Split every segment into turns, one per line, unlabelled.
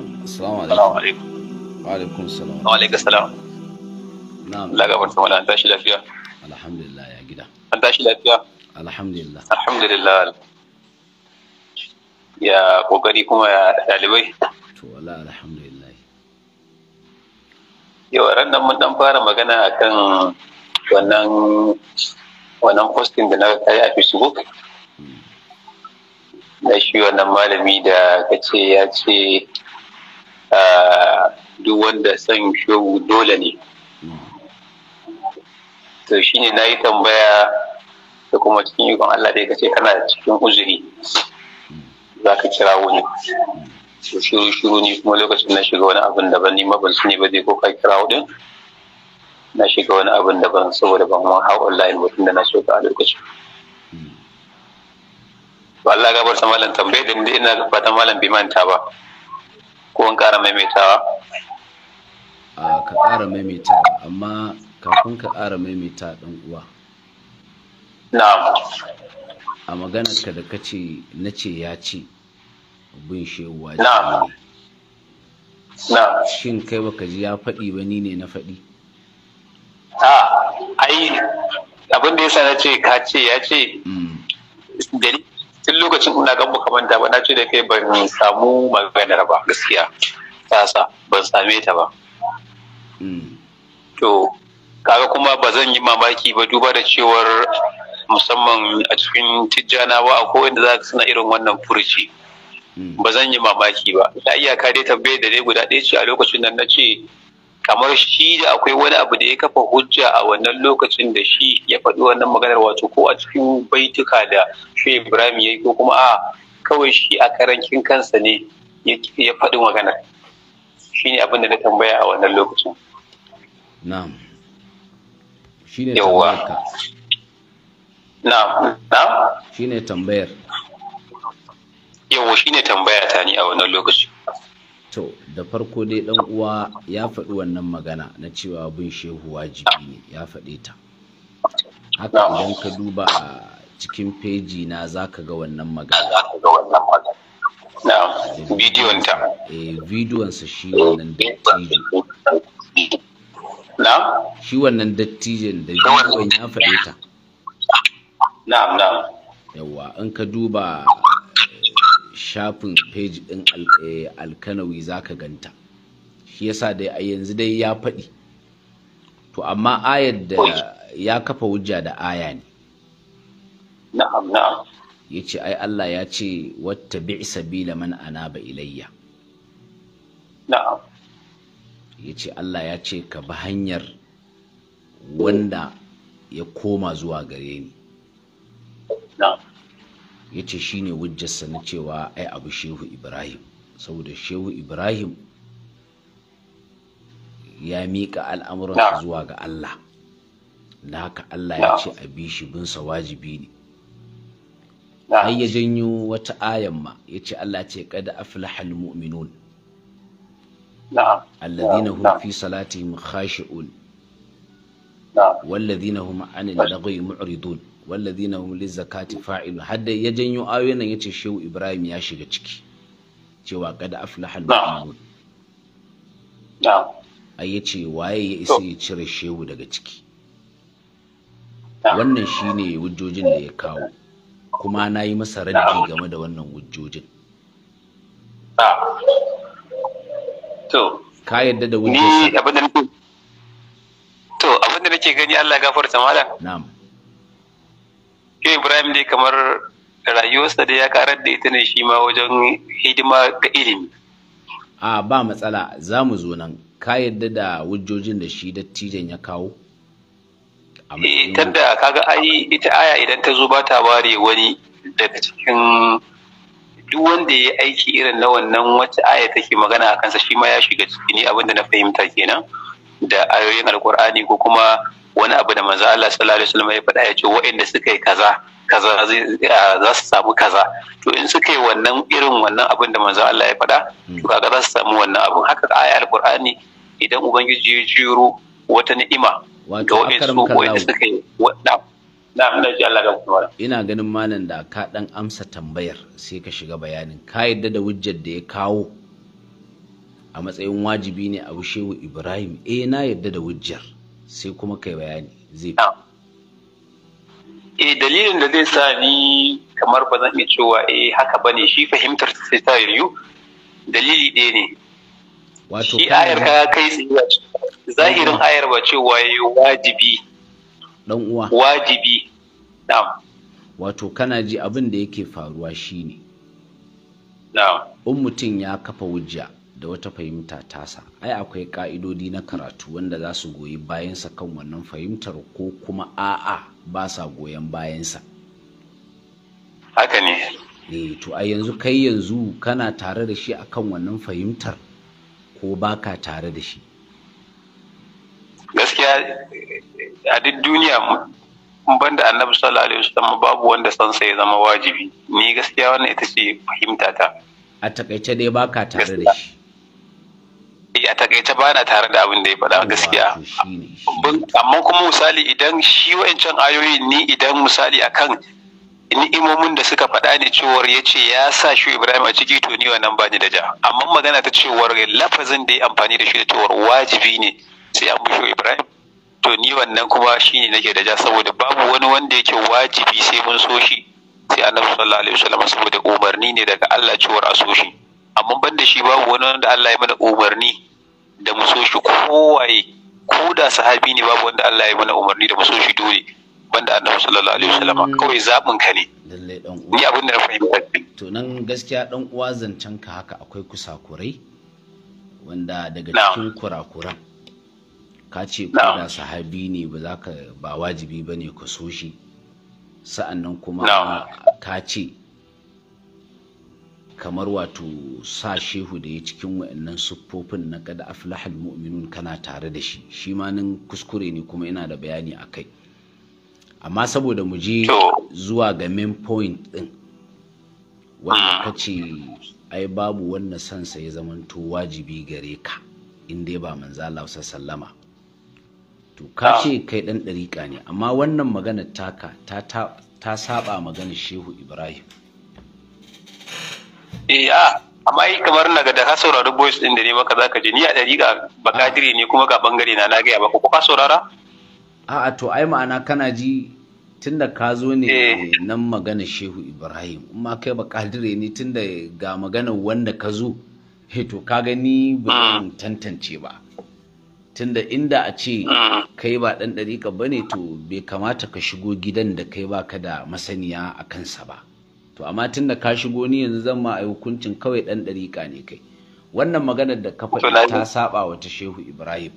na'am wa alaikum salam wa alaikum salam na'am Allah gabar ta an
lafiya alhamdulillah ya gida lafiya
alhamdulillah
alhamdulillah ya kokari kuma ya dalibai to yau ran nan mun ɗan fara magana akan wannan wannan posting da na kai a Fesbuk. Hmm. na shi wannan malami da kace ya ce Eh, duk wanda son shehu dole ne to shine na yi tambaya da kuma cikin ikon Allah dai kace kana cikin uzuri za ka kira wani to shiru shiru ne kuma lokacin na shiga wani abin da ni ma ban sani ba zai ko ka kira wani na shiga wani abin ban saboda ban ma hau online mutum da na so ka a lokacin Ba Allah gabar malam tambayar da ni ina fatan malam bai manta ba ko in ƙara maimaitawa
a ka ƙara maimaitawa amma kafin ka ƙara maimaita ɗan uwa na'am a maganar ka da kace na ce ya ce bin shewa na'am na'am shin kai baka ji ya faɗi ba ni ne na faɗi
a ai abin da yasa na ce ka ce ya ce mm. dalilin tun lokacin ina gan baka manta ba na ce da kai ban samu maganar ba gaskiya yasa ban same ta ba hmm. to kaga kuma ba zan yi mamaki ba duba da cewar musamman a cikin tijjana ba a kowanne za ka suna irin wannan furuci hmm. ba zan yi mamaki ba da iyaka dai tambayar da dai guda ɗaya ce a lokacin nan na ce kamar shi da akwai wani abu da ya kafa hujja a wannan lokacin da shi ya faɗi wannan maganar wato ko a cikin baituka da shi ibrahim ya yi ko kuma a kawai shi a karankin kansa ne ya faɗi maganar shi ne abin da na tambaya a wannan lokacin na'am
shi ne tambayar na'am na'am shi ne tambayar
yawo shi ne tambaya ta ni a wannan lokacin
to da farko dai dan uwa ya faɗi wannan magana na cewa bin shehu wajibi ne ya faɗe ta haka idan ka duba a cikin feji na za ka ga wannan magana bidiyon ta eh, shi wannan dattijo na shi wannan dattijon da bidiyon ya faɗe ta Na, na'am yawa in ka duba shafin page ɗin eh, alkanawi za ka ganta shi yasa dai a yanzu dai ya faɗi to amma ayar da ya kafa wujja da aya ne na'am na'am ya ce ai Allah ya ce wata bi sabila man ba ilayya na'am ya ce Allah ya ce ka bi hanyar wanda ya koma zuwa gare ni na'am ya ce shi ne wujjarsa na cewa ai abu shehu ibrahim saboda shehu ibrahim ya miƙa al'amuran zuwa ga allah da haka allah ya ce a bi shi binsa wajibi ne har ya janyo wata ayan ma ya ce allah ce kada aflahal mu'minun alladhina hum fi salatihim khashi'un والذين هم عن اللغو معرضون Walladina hum lizakati har hadda ya janyo ayoyin nan yace Shehu Ibrahim ya shiga ciki cewa kada aflaha al-mu'minun ai yace waye ya isa ya cire Shehu daga ciki wannan shine wujojin da ya kawo kuma na yi masa raddi game da wannan wujojin ka yadda da wujojin ni abinda nake
to abinda nake gani Allah ya gafarta malam na'am ke Ibrahim dai kamar rayuwarsa da ya karar da ita ne shi ma wajen hidima ga ilimi.
A ba matsala za mu zo nan ka yadda da wujojin da shi dattijan ya kawo?
Eh kaga ai ita aya idan ta zo ba ta ware wani daga cikin duk wanda ya aiki irin na wannan wacce aya take magana a kansa shi ma ya shiga ciki ne abinda na fahimta kenan da ayoyin alkur'ani ko kuma wani abu da manzo Allah sallallahu alaihi wasallam ya faɗa ya ce waɗanda suka yi kaza kaza za su samu kaza to in suka yi wannan irin wannan abin da manzo Allah ya faɗa hmm. to kaga za su samu wannan abin haka ayar alqur'ani idan ubangiji ya jiro wata ni'ima ga waɗansu waɗanda suka yi
ina ganin malam da ka dan amsa tambayar sai ka shiga bayanin ka yadda da wujjar da ya kawo a matsayin wajibi ne a wushewa ibrahim eh na yadda da wujjar sai kuma kai bayani zai
e dalilin da zai sa ni kamar ba zan iya cewa eh haka bane shi fahimtar sai ta yiwu dalili ɗaya ne shi ayar ka kai tsaye zahirin ayar ba cewa yi wajibi dan uwa wajibi
na'am wato kana ji abin da yake faruwa shine na'am in mutum ya kafa wujja da wata fahimta tasa ai akwai ka'idodi na karatu wanda za su goyi bayansa kan wannan fahimtar ko kuma a'a ba sa goyon bayansa haka ne ne eh, to a yanzu kai yanzu kana tare da shi akan wannan fahimtar ko ba ka tare da shi
gaskiya a
duk duniya ban da annabi sallallahu alaihi wasallam babu wanda san sai ya zama wajibi ni gaskiya wannan ita ce fahimta ta
a takaice dai baka tare da shi
Eh, a takaice ba na tare da abin da ya faɗa gaskiya amma kuma misali idan shi wa'ancan ayoyi ni idan misali akan ni'imomin da suka faɗa ni cewar ya ce ya sa shi ibrahim a ciki to ni wannan ba ni da ja amma magana ta cewar lafazin da ya amfani da shi da cewar wajibi ne sai an bushe ibrahim to ni wannan kuma shi ne nake da ja saboda babu wani wanda yake wajibi sai mun so shi sai annabi sallallahu alaihi wasallam saboda umarni ne daga Allah cewar a so shi amma ban da shi babu wani wanda Allah ya mana umarni da mu so shi kowaye ko da sahabi ne babu wanda Allah ya mana umarni da mu so shi dole banda annabi sallallahu alaihi wasallam hmm. kawai zabin ka ne ni abin da na
fahimta to nan gaskiya dan uwa zancen ka haka akwai kusakurai wanda daga cikin kurakuran ka ce ko da sahabi ne ba za ka ba wajibi bane ka so shi sa'annan kuma ka ce kamar wato sa shehu da ya cikin wa'annan siffofin na kada aflahal mu'minun kana tare da shi shi ma nan kuskure ne kuma ina da bayani a kai amma saboda mu je zuwa ga main point din wanda mm. ka ce ai babu wannan sansa ya zamanto wajibi gare ka in dai ba manzo Allah sallama to ka ah. ce kai dan dariƙa ne amma wannan magana taka ta ta saba maganar shehu Ibrahim
eh a ah, amma yi kamar na ga da ka saurari boys din da ne maka zaka ji ni a ɗari ga bakadire ne kuma ga bangare na na gaya ba ko ka saurara
a'a
to ai ma'ana kana ji tunda ka zo ne eh. nan magana Shehu Ibrahim amma kai bakadire ne tunda ga magana wanda ka zo to ka gani ba mm. tantance ba tunda inda a ce mm. kai ba ɗan ɗariƙa ba ne to bai kamata ka shigo gidan da kai ba ka da masaniya a kansa ba to amma tun da ka shigo ni yanzu zan ma a hukuncin kawai ɗan ɗarika ne kai wannan maganar da ka faɗi ta saba wa ta shehu ibrahim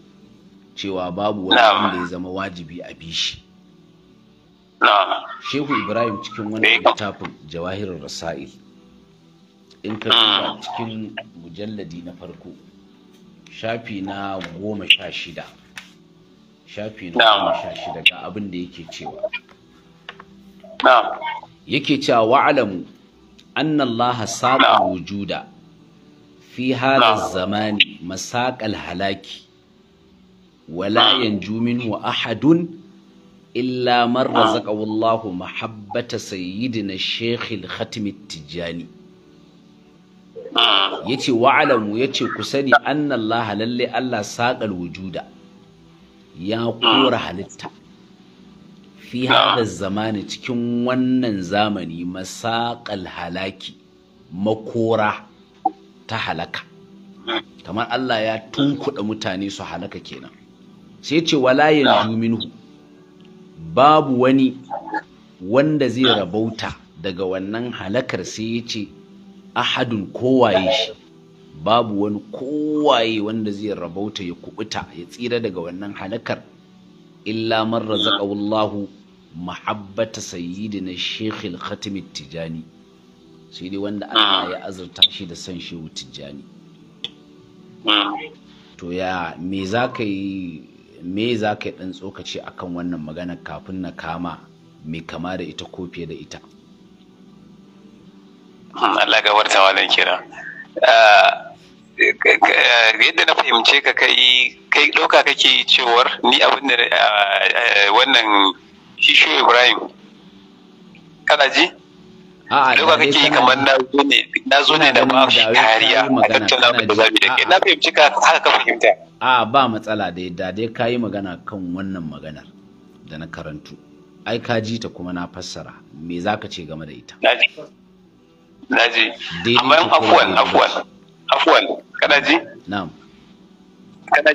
cewa babu wani wanda ya zama wajibi a bishi shehu ibrahim cikin wani eh. littafin jawahirar rasa'il in ka duba mm. cikin mujalladi na farko shafi na goma sha shida shafi na goma sha shida ga abin da yake cewa yake cewa wa'alamu anna Allah saqa wujuda fi hadha zamani masaqal halaki wala yanju minhu ahadun illa man razaqahu wallahu mahabbata sayyidina Sheikh al-Khatim at-Tijani yace wa'alamu yace ku sani anna Allah lalle Allah saqal wujuda ya kora halitta fi hada zamani cikin wannan zamani masakal halaki makora ta halaka kamar Allah ya tunkuɗa mutane su halaka kenan sai ce walayin juminu. babu wani wanda zai rabauta daga wannan halakar sai ya ce ahadun kowaye shi babu wani kowaye wanda zai rabauta ya kubuta ya tsira daga wannan halakar illa man razaqahu mahabbata sayyidina Sheikh al-Khatim Tijani sai dai wanda Allah ya azurta shi da san Shehu Tijani to ya me za yi me za ɗan tsokaci akan wannan magana kafin na kama mai kama da ita ko fiye da ita
Allah ga wartawa nan kira ah, yadda na fahimce ka kai kai ɗauka kake yi cewar ni abin da eh, eh, wannan shisho ibrahim kana ji ɗauka kake yi kamar na zo ne da ba shi kariya a tattauna mai da zabi da kai na fahimci ka
haka ka fahimta
a ba matsala da yadda dai ka yi magana kan wannan maganar da na karantu ai ka ji ta kuma na fassara me za ka ce game da ita
na ji amma afuwan afuwan afuwan kana ji na'am Kana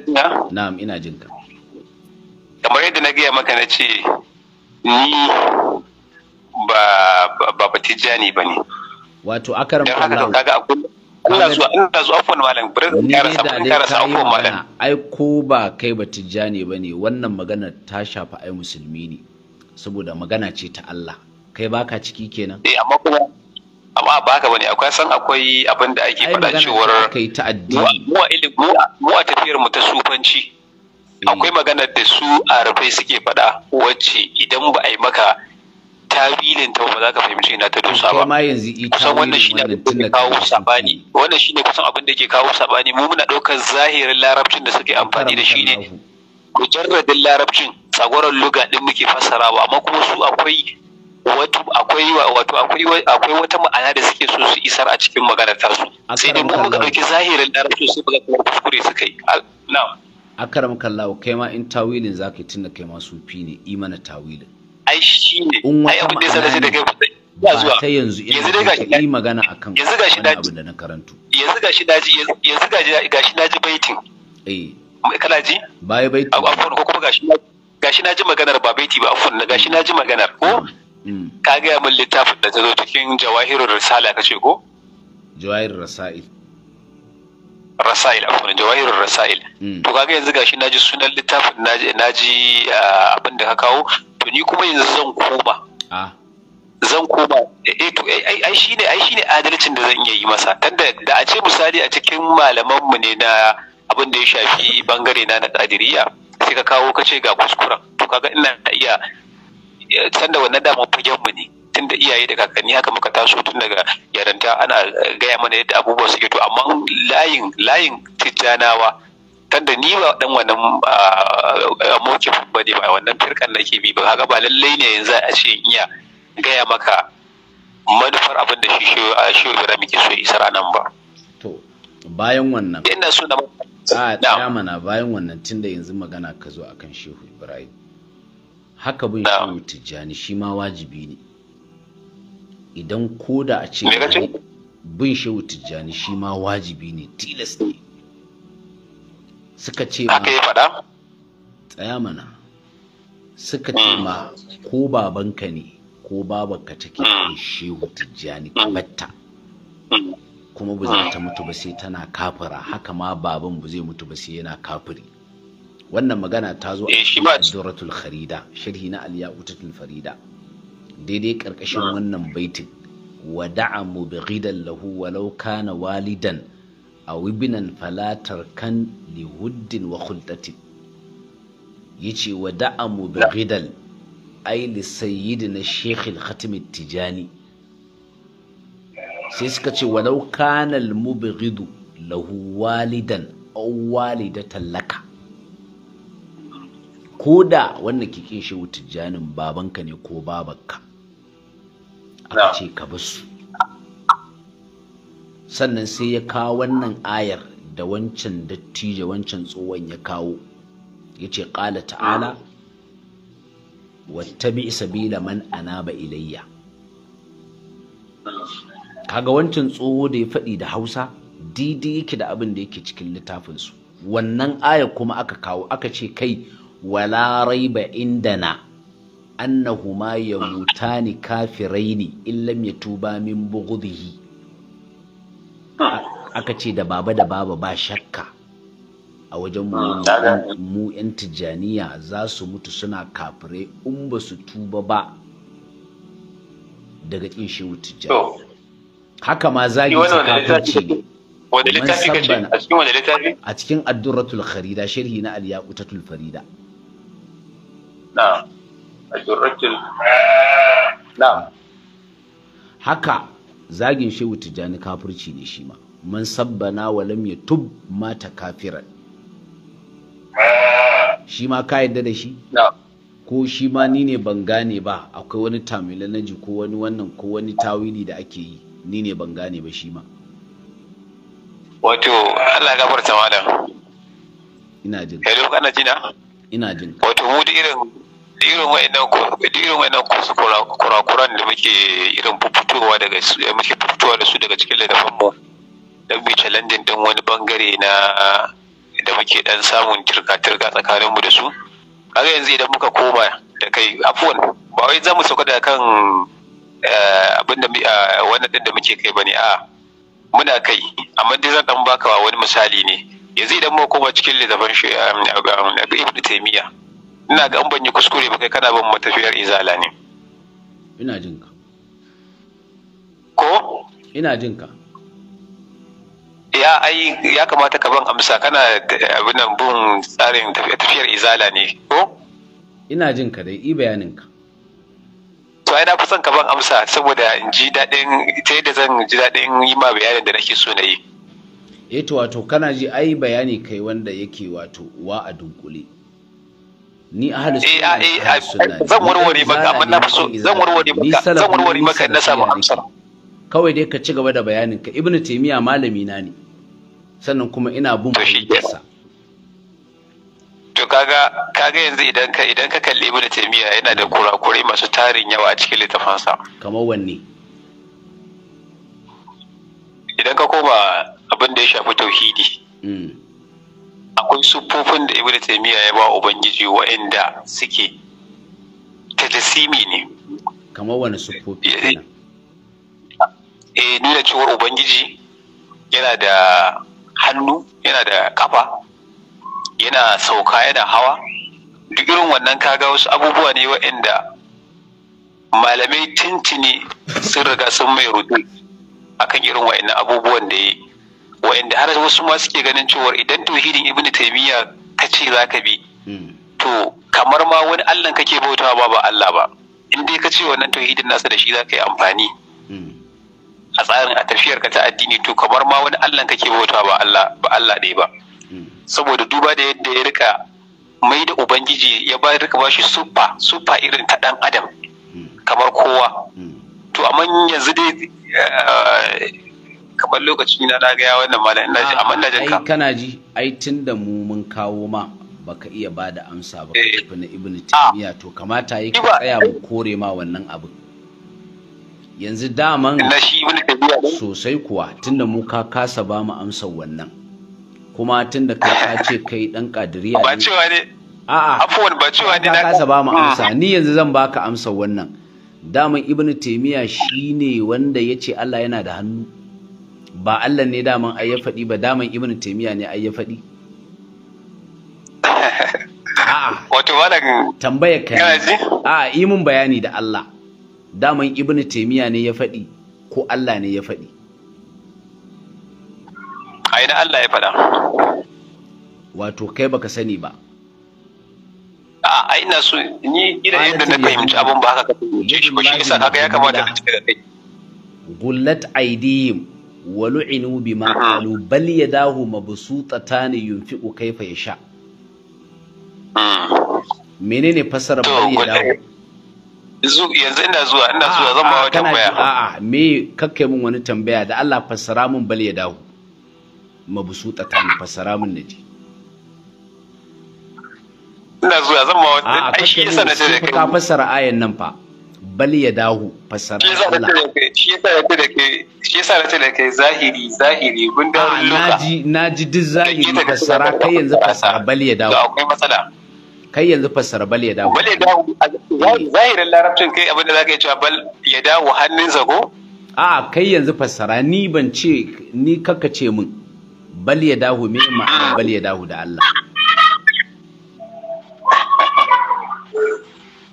Na'am ina jin ka.
Kamar yadda na gaya maka na ce ni ba ba Tijjani ba ne.
Wato akaram Allah. Kaga
Allah zuwa Allah zuwa afwan malam birin karasa afwan malam.
Ai ko ba kai batijani ba ne wannan magana ta shafa ai musulmi ne. Saboda magana ce ta Allah. Kai baka ciki kenan. Eh amma kuma
bane akwai san akwai abin da ake faɗa cewar mu a tafiyar mu ta sufanci eh. akwai magana da su a rufe suke faɗa wacce idan ba a yi maka tabilin ta ba za ka fahimci ina ta dosa ba
kusan wannan ne abin da ke kawo
sabani shi ne kusan abin da ke kawo sabani mu muna ɗaukar zahirin larabcin da suke amfani da shi ne mujarradin larabcin tsagoran luga ɗin muke fassarawa amma kuma su akwai wato akwai wato akwai akwai wata ma'ana da suke so su isar a cikin maganar tasu sai dai mu ga dauki zahirin larabci sai ba kuma kuskure suka yi na'am
akaram kallahu kai ma in tawilin zakai tunda kai ma sufi ne imana tawilin ai ne ai abin da sai da kai ba zuwa sai yanzu yanzu dai gashi yi magana akan yanzu gashi daji abin da na karanto
yanzu gashi daji yanzu gashi gashi ji baitin eh kana ji bai baitin ko kuma gashi gashi naji maganar ba baiti ba afun gashi naji maganar ko mm. Mm. ka gaya min littafin da ta zo cikin jawahirul risala kace ko
jawahirun rasail
rasail afwan jawahirun rasail
mm.
to
kaga yanzu gashi naji sunan littafin naji naji ah, abin da ka kawo to ni kuma yanzu zan koma ah. zan koma eh to eh, ai shine ai shine adalcin da zan iya yi masa tunda da a ce misali a cikin malaman mu ne na abin da ya shafi bangare na na kadiriya sai ka kawo kace ga kuskuren to kaga ina iya sanda wannan daman fagen mu ne tun da iyaye da kakanni haka muka taso tun daga yaranta ana eh, gaya mana yadda abubuwa suke to amma layin layin tijjanawa tanda ni ba dan wannan ah, mokin ba ne ba wannan firkan nake bi ba haka ba lallai ne yanzu a ce iya gaya maka manufar abin da shi shi ah, Ibrahim muke so isar nan ba
to bayan wannan ina so na a tsaya mana bayan wannan tunda yanzu magana ka zo akan Shehu Ibrahim haka bai shi tijjani shi ma wajibi ne idan ko da a ce bin shehu tijjani shi ma wajibi ne tilas ne suka ce ma tsaya mana suka ce hmm. ma ko babanka ne ko babanka take hmm. bin shehu tijjani hmm. batta kuma ba za ta mutu ba sai tana kafira haka ma baban ba zai mutu ba sai yana kafiri wannan magana ta zo a Duratul eh, Kharida sharhi na aliya utatul Farida daidai karkashin ah. wannan baitin wada'a ghidan lahu walau kana walidan aw ibnan falatar kan li huddin wa yace wada'a mubghidan ay li sayyidina Sheikh al-Khatim tijani sai suka ce walau kana al-mubghidu lahu walidan aw walidatan laka ko da wanda ke kin shehu tijjanin babanka ne ko babanka aka ce ka basu sannan sai ya kawo wannan ayar da wancan dattijo wancan tsohon ya kawo ya ce ƙala ta'ala wattabi sabila man ba ilayya kaga wancan tsoho da ya faɗi da hausa didi yake da abin da yake cikin littafinsu wannan aya kuma aka kawo aka ce kai wala raiba indana annahuma yamutani kafiraini in lam yatuba min bughdihi aka ce da baba da baba ba shakka a wajen mu hmm. yan tijaniya za su mutu suna kafire in ba su tuba ba daga kin shehu tijjani haka ma zagi su kafirci
ne
a cikin addu'ratul kharida sharhi na al-yaqutatul farida
na'am
ajurratul na'am
haka zagin shehu tijjani kafirci ne shi ma man sabbana wa lam yatub mata kafiran shi ma ka yadda da shi ko shi ma ni ne ban gane ba akwai wani tamila na ji ko wani wannan ko wani tawili da ake yi ni ne ban gane ba shi ma
wato Allah gafarta malam ina jin hello kana jina ina jin wato mu da irin irin wayannan irin wayannan kusa kurakuran da muke irin fitowa daga eh, muke fitowa da su daga cikin littafin mu dan bi challenging din wani bangare na da muke dan samun tirka-tirka tsakanin mu da su kaga yanzu idan muka koma da kai afuwan ba wai za sauka da kan eh, abin da eh, wannan din da muke kai bane a muna kai amma dai zan dan baka wani misali ne yanzu idan mu koma cikin littafin shi um, um, ibn taymiya ina ga an ban yi kuskure ba kai kana ban matafiyar izala ne
ina jin ka ko ina jin ka
ya ai ya kamata ka ban amsa kana eh, abin nan bin tsarin tafiyar izala ne ko
ina jin ka dai i bayanin ka
to ai na fi son ka ban amsa saboda in ji daɗin ta yadda zan ji daɗin yi ma bayanin da nake so na yi
eto eh wato kana ji ai bayani kai wanda yake wato wa a dunkule ni a ahlus sunna eh, eh,
zan warware maka amma na so zan warware maka zan warware maka na samu amsar kawai
dai ka ci gaba da bayanin ka ibnu taymiya malami na ne sannan kuma ina bin sa
to kaga kaga yanzu idan ka idan ka kalli ibnu taymiya yana da kurakurai masu tarin yawa a cikin littafansa kamar wanne idan ka koma abin da ya shafi tauhidi hmm. akwai siffofin da ibnu taymiya ya ba ubangiji wa'anda suke tajasimi ne
kamar wani siffofi e eh,
eh, nuna cewar ubangiji yana da hannu yana da kafa yana sauka yana hawa duk irin wannan kaga wasu abubuwa ne waɗanda malamai tintini sun riga sun mai rudu akan irin waɗannan abubuwan da ya yi. wa'anda har wasu ma suke ganin cewa idan tauhidin ibn taymiya ka ce za ka bi hmm. to kamar ma wani allah kake bautawa ba ba allah ba in dai ka ce wannan tauhidin nasa da shi za ka yi amfani hmm. a tsarin a tafiyar ka ta addini to kamar ma wani allah kake bautawa ba allah ba allah ɗaya ba hmm. saboda duba da yadda ya rika mai da ubangiji ya ba rika ba shi suffa suffa irin ta dan adam kamar kowa to amma yanzu dai eh, kamar lokaci na na gaya wannan malam ina ji amma ina jin ka ai
kana ji ai tunda mu mun kawo ma baka iya ba da amsa ba ka eh. tafi na ibn ah. taymiya to kamata yi ka tsaya mu kore ma wannan abu yanzu daman sosai kuwa tunda mu ka kasa ba mu amsa wannan kuma tunda ka ce kai dan kadiriya ba cewa ne a'a afwan ba cewa ne na kasa ba mu mm. amsa ni yanzu zan baka amsa wannan daman ibn taymiya shine wanda yace Allah yana da hannu ba Allah ne daman ai ya faɗi ba daman ibn taimiyya ne ai ya faɗi a'a wato malam tambayar ka a yi mun bayani da Allah daman ibn taimiyya ne ya faɗi ko Allah ne ya faɗi
ai da Allah ya faɗa
wato kai baka sani ba
a'a ina so ni ina yadda na fahimci abin ba haka ka fahimci shi ba shi isa haka ya kamata ka cika da kai
gullat aidiyim walu'inu bima qalu bal yadahu mabsutatani yunfiqu kaifa yasha menene fasara bal yadahu
yanzu ina zuwa ina zuwa zan wa
tambaya a'a me kakkai mun wani tambaya da Allah fassara mun bal yadahu mabsutatani fassara mun naji
ina zuwa zan ba wa ai shi yasa na ce ka fassara
ayan nan fa bal yadahu fassara Allah
shi yasa na shi yasa na ce da kai zahiri zahiri gundarin ah, luka naji
naji duk zahiri fassara kai yanzu fassara bal ya dawo akwai matsala kai yanzu fassara bal ya dawo bal
ya dawo eh. zahirin larabcin kai abinda zaka iya cewa bal ya dawo hannun zago
a kai yanzu fassara ni ban ce ni kaka ce min bal ya dawo me ma'ana bal ya dawo da Allah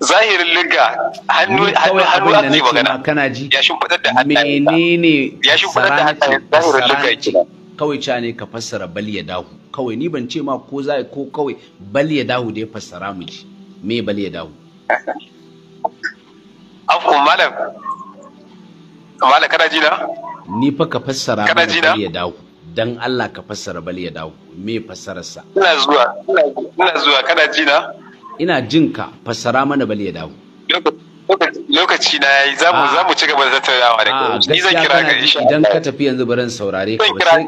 zahirin liga hannu hannu a yi magana kana ji ya shimfidar da hannu menene ya shimfidar da hannu zahirin liga yake kawai ca ne ka fassara bal ya dahu kawai ni ban ce ma ko za ko kawai bal ya dahu da ya fassara mu ji me bal ya dahu
afu malam malam kana ji na
ni fa ka fassara na bal ya dahu dan Allah ka fassara bal ya dahu me fassararsa
ina zuwa ina zuwa kana ji na
ina jin ka fassara mana bal ya dawo
lokaci na yayi za mu ah. za mu ci gaba da tattaunawa da kai ah, ni zan kira ka insha idan
ka tafi yanzu barin saurare ka sai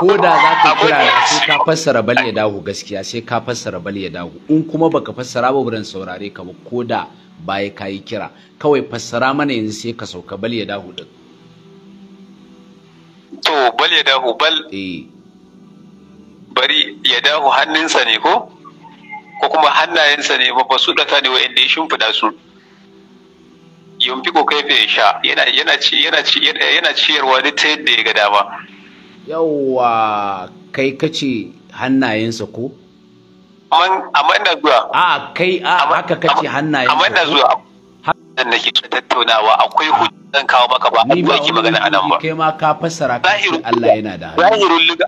ko da za ka kira na sai ka fassara bal ya dawo gaskiya sai ka fassara bal ya dawo in kuma baka fassara ba barin saurare ka ba ko da baya ka yi kira kawai fassara mana yanzu sai ka sauka bal ya dawo din
to bal ya dawo bal eh. bari ya dawo hannunsa ne ko ko kuma hannayensa ne ba su daka ne da ya shimfida su yunfiqu kai yasha yana yana ci yana ci yana ciyarwa duk ta yadda ya ga dama
yawwa kai kace hannayensa ko amma ina zuwa a kai a haka kace hannayensa
amma ina zuwa da ke tattaunawa akwai hujjan kawo maka ba a ba ki magana anan ba
kai ma ka fassara ka ce Allah yana da hali zahirul liga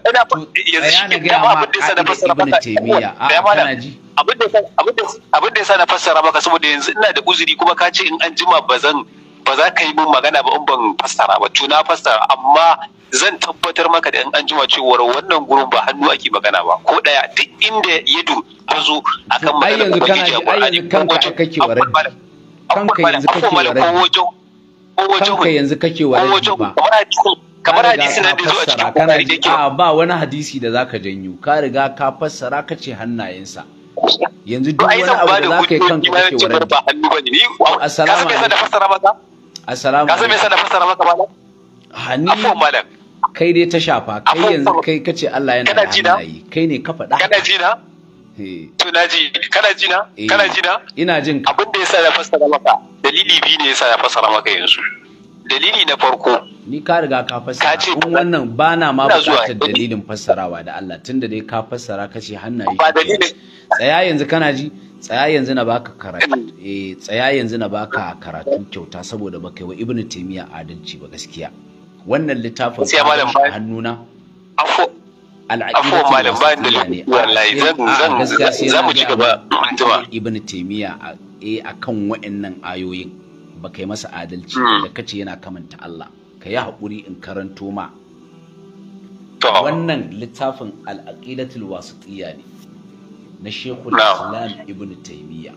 ina yanzu shi ke da abin da yasa na fassara maka taymiya ah, a kana ji abin da
abin da yasa na fassara maka saboda yanzu ina da uzuri kuma ka ce in an jima bazan ba za ka yi min magana ba in ban fassara ba to na fassara amma zan tabbatar maka da in an jima cewar wannan gurin ba hannu ake magana ba ko daya duk inda yadu ta zo akan magana ubangiji a Qur'ani kan
wajen kake warani kanka yanzu kake wa kanka yanzu kake wa ba kamar hadisi na da zuwa cikin bukari da a ba wani hadisi da zaka janyo ka riga ka fassara ka ce hannayensa yanzu duk wani abu da zaka yi kanka kake wa ba hannu bane ni assalamu alaikum ka fassara maka assalamu ka san me yasa fassara maka malam hannu afwan malam kai dai ta shafa kai yanzu kai kace Allah yana da hannaye kai ne ka faɗa kana ji na Eh. to
na ji kana ji na eh, kana ji na
ina jin abin
da yasa ya fassara maka dalili biyu ne yasa ya fassara maka yanzu dalili na farko
ni ka riga ka fassara kun wannan ba na ma buƙatar dalilin fassarawa da Allah tunda dai ka fassara kace hannaye ba dalili tsaya yanzu kana ji tsaya yanzu na baka karatu eh tsaya yanzu na baka karatu kyauta saboda baka wa ibnu taymiya adalci ba gaskiya wannan littafin sai malam hannuna al'aqida da wallahi eh, zan za mu ci gaba ibnu taymiya a eh, akan wa'annan ayoyin ba kai masa adalci hmm. da kace yana kamanta Allah ka yi haƙuri in karanto ma wannan littafin al'aqidatul wasitiyya ne na shekul islam ibn taymiya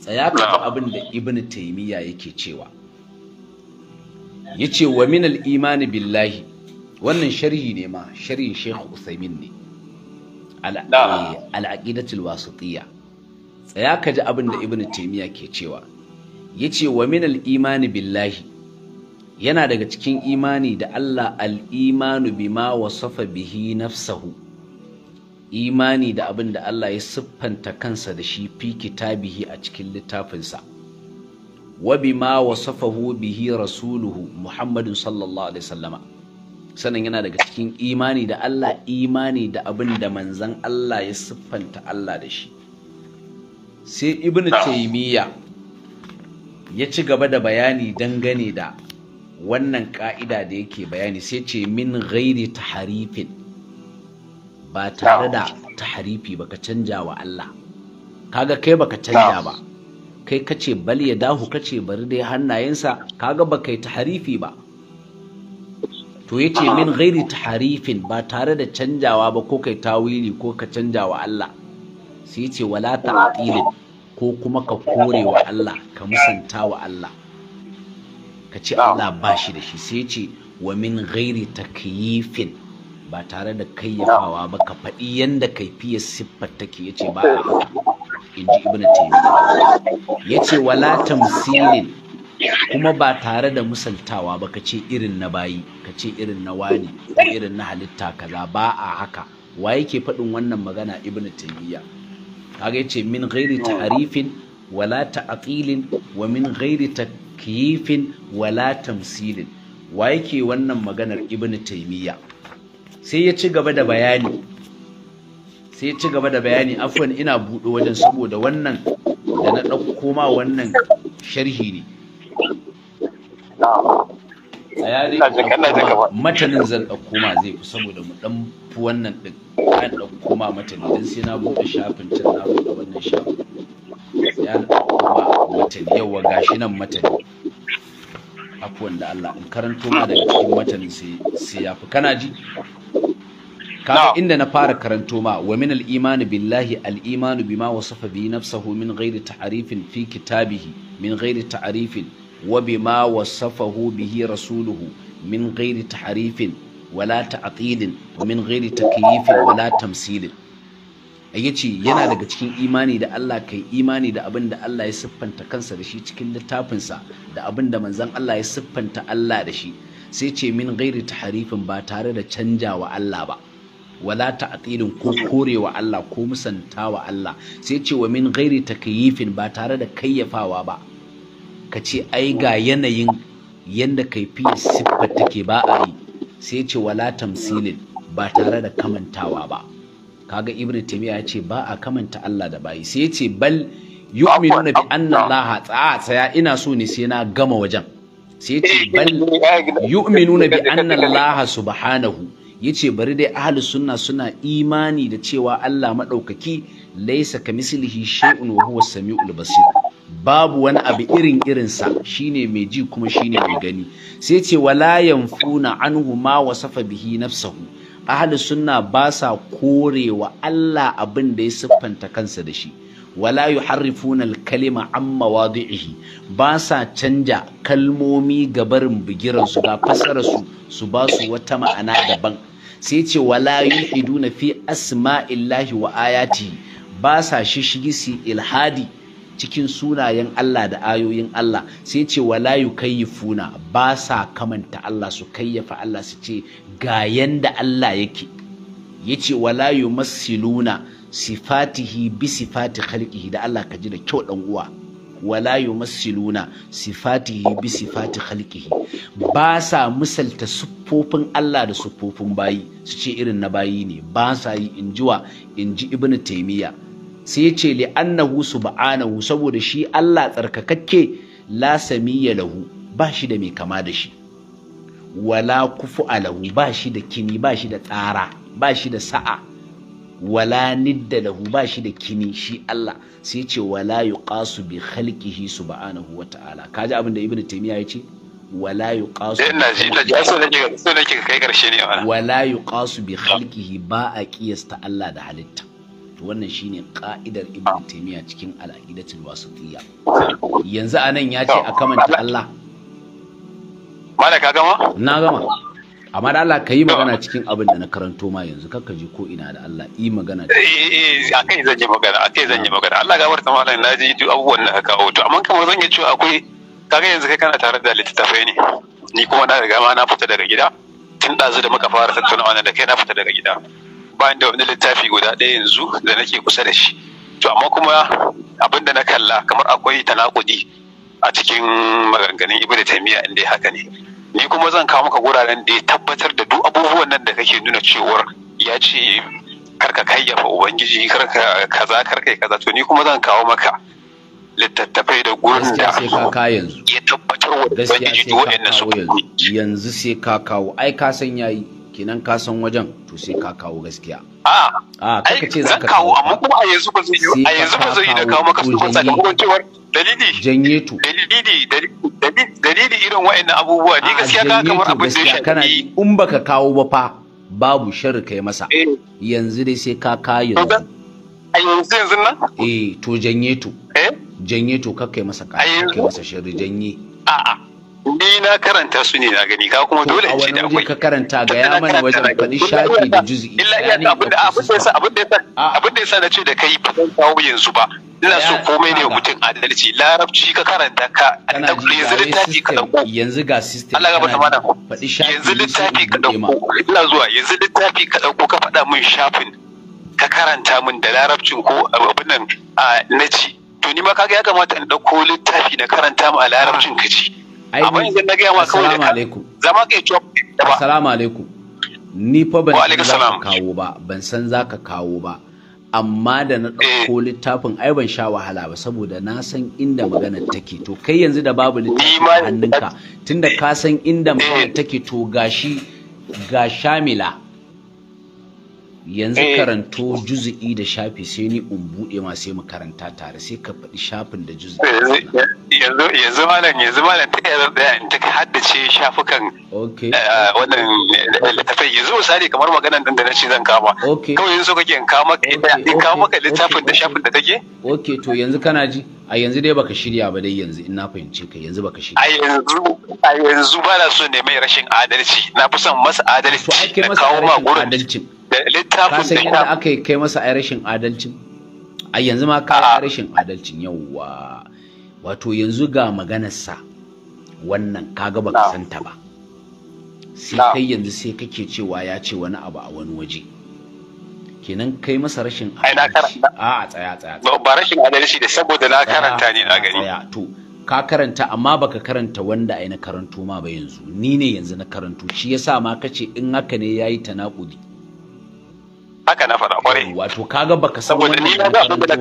tsaya ka abin da ibn taymiya yake cewa yace wa minal imani billahi wannan sharhi ne ma sharhin Sheikh Usaimin ne eh, al-aqidatul wasitiyya tsaya ka ji abin da Ibn Taymiyyah ke cewa yace wa min al-imani billahi yana daga cikin imani da Allah al-imanu bima wasafa bihi nafsahu imani da abin da Allah ya siffanta kansa da shi fi bihi a cikin littafinsa wa bima wasafahu bihi rasuluhu Muhammadun sallallahu alaihi wasallama sannan yana daga cikin imani da Allah imani da abin da manzan Allah ya siffanta Allah da shi sai ibn taimiyya ya ci gaba da bayani dangane da wannan ka'ida da yake bayani sai ce min ghairi taharifin ba tare da taharifi baka canja wa Allah kaga kai baka canja ba kai kace bal ya dahu kace bari dai hannayensa kaga baka yi taharifi ba to yace min ghairi taharifin ba tare da canjawa ba ko kai tawili ko ka canja wa Allah sai yace wala ta'tilin ko kuma ka kore wa Allah ka musanta wa Allah ka ce Allah ba shi da shi sai yace wa min ghairi takyifin ba tare da kayyafawa ba ka faɗi yanda kaifiyar siffar take yace ba a haka ibnu taymiyyah yace wala tamsilin kuma ba tare da misaltawa ba ka ce irin na bayi ka ce irin na wani ko irin na halitta kaza ba a haka wa yake faɗin wannan magana ibn taymiya kaga yace min ghairi ta'rifin wala ta'qilin wa min ghairi takyifin wala tamsilin wa yake wannan maganar ibn taymiya sai ya ci gaba da bayani sai ci gaba da bayani afwan ina buɗe wajen saboda wannan da na ɗauko ma wannan sharhi ne
a yare matanin zan
ɗauko ma zai fi saboda mu ɗan fi wannan ɗin an ɗauko ma matanin don sai na buɗe shafin can na buɗe wannan shafin ya ɗauko ma matanin yawa gashi nan matanin afuwan da Allah in karanto ma daga cikin matanin sai ya fi kana ji kaga inda na fara karanto ma wa min al-imani billahi al-imanu bima wasafa bi nafsahu min ghairi ta'arifin fi kitabihi min ghairi ta'arifin. wa وصفه به bihi rasuluhu غير تحريف ولا wala ta'tilin غير تكييف ولا تمثيل wala yana daga cikin imani da Allah kai imani da abinda Allah ya siffanta kansa da shi cikin littafinsa da abinda da manzon Allah ya siffanta Allah da shi sai ce min ghairi harifin ba tare da wa Allah ba wala ta'tilin ko korewa Allah ko musanta wa Allah sai ce wa min ghairi takyifin ba tare da kayyafawa ba ka ce ai ga yanayin yadda kaifi siffar take ba a yi sai ce wala tamsilin ba tare da kamantawa ba kaga ibnu taymiya ya ce ba a kamanta Allah da bayi sai ce bal yu'minuna bi anna Allah tsaya ina so ne sai na gama wajen sai ce bal yu'minuna bi anna Allah subhanahu yace bari dai ahlus sunna suna imani da cewa Allah maɗaukaki, laisa kamislihi shay'un wa huwa samiul basir babu wani abu irin irinsa shine mai ji kuma shine mai gani sai ce wala yanfuna anhu ma wasafa bihi nafsahu ahli sunna ba sa korewa Allah abin da ya siffanta kansa da shi wala yuharrifuna al-kalima an mawadi'ihi ba sa canja kalmomi gabarin bigiran su ga fasara su su ba su wata ma'ana daban sai ce wala yuhiduna fi asma'illahi wa ayati ba sa shishigi ilhadi cikin sunayen Allah da ayoyin Allah sai ce wala yukayyifuna ba sa kamanta Allah su kayyafa Allah su ce ga yanda Allah yake yace wala yumassiluna sifatihi bi sifati khalqihi da Allah ka ji da kyau ɗan uwa wala yumassiluna sifatihi bi sifati khalqihi ba sa misalta siffofin Allah da siffofin bayi su ce irin na bayi ne ba sa yi injiwa inji ibnu taymiya sai ya ce li'annahu subhanahu saboda shi Allah tsarkakakke la samiyya lahu ba shi da mai kama da shi wala kufu lahu ba shi da kini ba shi da tsara ba shi da sa'a wala nidda lahu ba shi da kini shi Allah sai ce wala yuqasu bi khalqihi subhanahu wa ta'ala kaji abin da ibnu taymiya ya ce wala yuqasu eh, ina ji ina ji so
nake so nake kai karshe ne
wala yuqasu bi khalqihi ba a kiyasta Allah da halitta to wannan shine ka'idar ibn taymiya cikin al-aqidatul wasatiyya yanzu anan ya ce a kamanta Allah mala ka gama na gama amma da Allah ka yi magana cikin abin da na karanto ma yanzu kakka je ko ina da Allah yi magana
eh, eh, eh a kai zan yi magana a kai zan yi magana Allah gawar ta malam na ji duk abubuwan da ka kawo to amma kamar zan yi cewa akwai kaga yanzu kai kana tare da littattafai ne ni kuma na riga ma na fita daga gida tun ɗazu da muka fara wannan da kai na fita daga gida ba da wani littafi guda ɗaya yanzu da nake kusa da shi to amma kuma abin da na kalla kamar akwai tanakudi a cikin maganganun da taimiyya inda haka ne ni kuma zan kawo maka guraren da ya tabbatar da duk abubuwan nan da kake nuna cewar ya ce karka kayyafa ubangiji karka kaza karka kaza to ni kuma zan kawo maka
littattafai da gurin da ya tabbatar wa ubangiji duk waɗannan su yanzu sai ka kawo ai ka san yayi kenan ka san wajen to sai ka kawo gaskiya a a kaka ce zaka
kawo amma
kuma a yanzu ba zai yi a yanzu ba zai yi da kawo maka su da kuma
cewar dalili janye to dalili dalili irin
wa'annan abubuwa ni gaskiya ka kamar abin da ya
shafi in baka kawo ba fa babu sharri kai masa eh. yanzu dai sai ka kawo yanzu a yanzu yanzu nan eh to janye to eh janye to kakkai masa kai masa sharri janye
a'a ni na karanta su ne na gani
ka kuma dole in ce da akwai ka karanta ga ya mana wajen faɗi shafi da juz'i
illa ya abin da abin da yasa abin da yasa abin da yasa na ce da kai ba zan kawo yanzu ba ina so komai ne mutum adalci larabci ka karanta ka yanzu littafi
ka dauko yanzu ga system Allah ga mutum mana faɗi shafi
yanzu littafi ka dauko ina zuwa yanzu littafi ka dauko ka faɗa min shafin ka karanta min da larabcin ko abin nan na ci to ni ma kaga ya kamata in dauko littafi na karanta mu a larabcin ka ci
amma yanzu na gaya kawai da alaikum zama cop assalamu alaikum ni fa ban san za ka kawo ba ban san za ka kawo ba amma da na eh. ɗauko littafin ai ban sha wahala ba saboda na san inda maganar take to kai yanzu da babu littafin hannunka tunda ka san inda eh. maganar take to gashi ga shamila yanzu eh. karanto juzu'i da shafi sai ni in buɗe ma sai mu karanta tare sai ka faɗi shafin da juzu'i eh,
yanzu yanzu malam yanzu malam ta yanzu tsaya in ta haddace shafukan eh, wannan littafai yanzu misali kamar maganan din da na ce zan kama kawai yanzu kake in kawo maka in kawo maka littafin da shafin da take
Ok to yanzu kana ji a yanzu dai baka shirya ba dai yanzu in na fahimce ka yanzu baka shirya
a yanzu a yanzu ba na so ne mai rashin adalci na fi son masa adalci na kawo ma gurin littafin san yadda
aka kai masa ai rashin adalcin a yanzu ma ka ah. rashin adalcin yawwa wato yanzu ga maganarsa wannan kaga baka san ta ba sai kai yanzu sai kake cewa ya ce wani abu a wani waje kenan kai masa rashin adalci a a tsaya tsaya
ba rashin adalci da saboda na karanta ne na gani
to ka karanta amma baka karanta wanda ai na karanto ma ba yanzu ni ne yanzu na karanto shi yasa ma kace in haka ne yayi tanakudi haka na faɗa kwarai
wato kaga baka san wannan ni abin da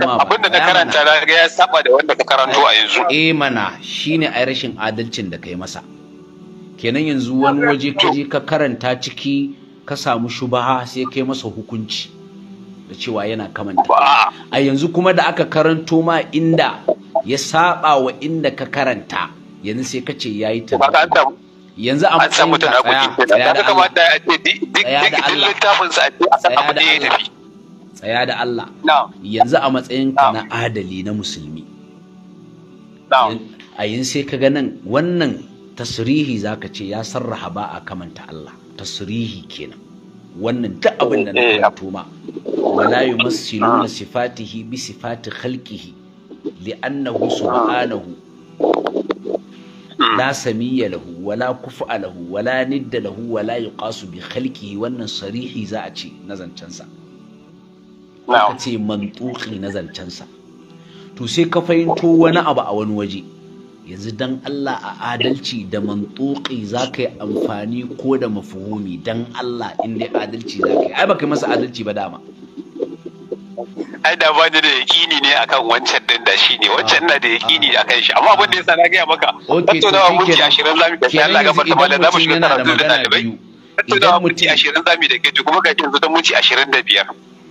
na karanta na ga ya saba da wanda ka karanto a yanzu
eh mana shine ai rashin adalcin da kai masa kenan yanzu wani waje ka je ka karanta ciki ka samu shubaha sai kai masa hukunci da cewa yana kamanta a yanzu kuma da aka karanto ma inda ya saba wa inda ka karanta yanzu sai ka ce yayi ta yanzu an san a matsayin ka tsaya da
Allah sa da san abu da tafi
tsaya da Allah yanzu a matsayin ka na adali na musulmi a yin sai ka ga nan wannan tasrihi zaka ce ya sarraha ba a kamanta Allah tasrihi kenan wannan duk abin da na eh, eh, karanto ma wala yumassiluna sifatihi bi sifati khalqihi li'annahu subhanahu la samiyya lahu wala kufa lahu wala nidda lahu wala yuqasu bi khalqihi wannan sarihi za a ce na zancensa aka ce mantuqi na zancensa to sai ka fahimto wani abu a wani waje yanzu dan Allah a adalci da mantuqi za ka yi amfani ko da mafuhumi dan Allah in dai adalci za ka yi ai baka masa adalci ba dama
ai da ba da yakini ne akan wancan din da shi ne wancan na da yakini kan shi amma abin da yasa na gaya maka tattaunawa ji ashirin zamu da sai Allah gafarta malam zamu shiga karatu da dalibai tattaunawa ji ashirin zamu da kai kuma ga yanzu da ta minti ashirin da biyar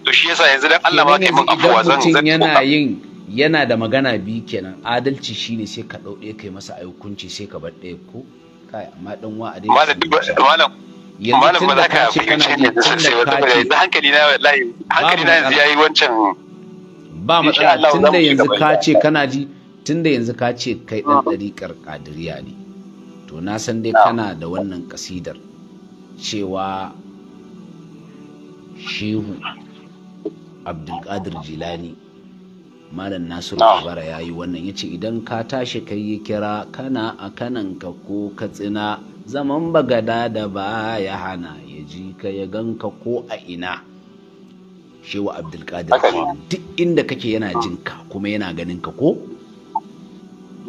to shi yasa yanzu
dan Allah ma kai
mun afuwa zan zan yana yin yana da magana biyu kenan adalci shine sai ka ɗau kai masa ayyukunci sai ka bar ɗaya ko kai amma dan wa a dai malam
yanzu
tun da ka kana ji tun da ka hankali na wallahi hankali na yanzu
yayi wancan ba matsala tun da yanzu ka ce kana ji tun da yanzu ka ce kai dan dariƙar kadiriya ne to na san dai kana da wannan kasidar cewa shehu abdulkadir jilani malam nasiru kabara ya yi wannan ya ce idan ka tashi kai ya kira kana a kananka ko katsina zaman bagada da ba ya hana ya ji ka ya ganka ko a ina shewa abdulkadir duk inda kake yana ah. jin ka kuma yana ganin ka ko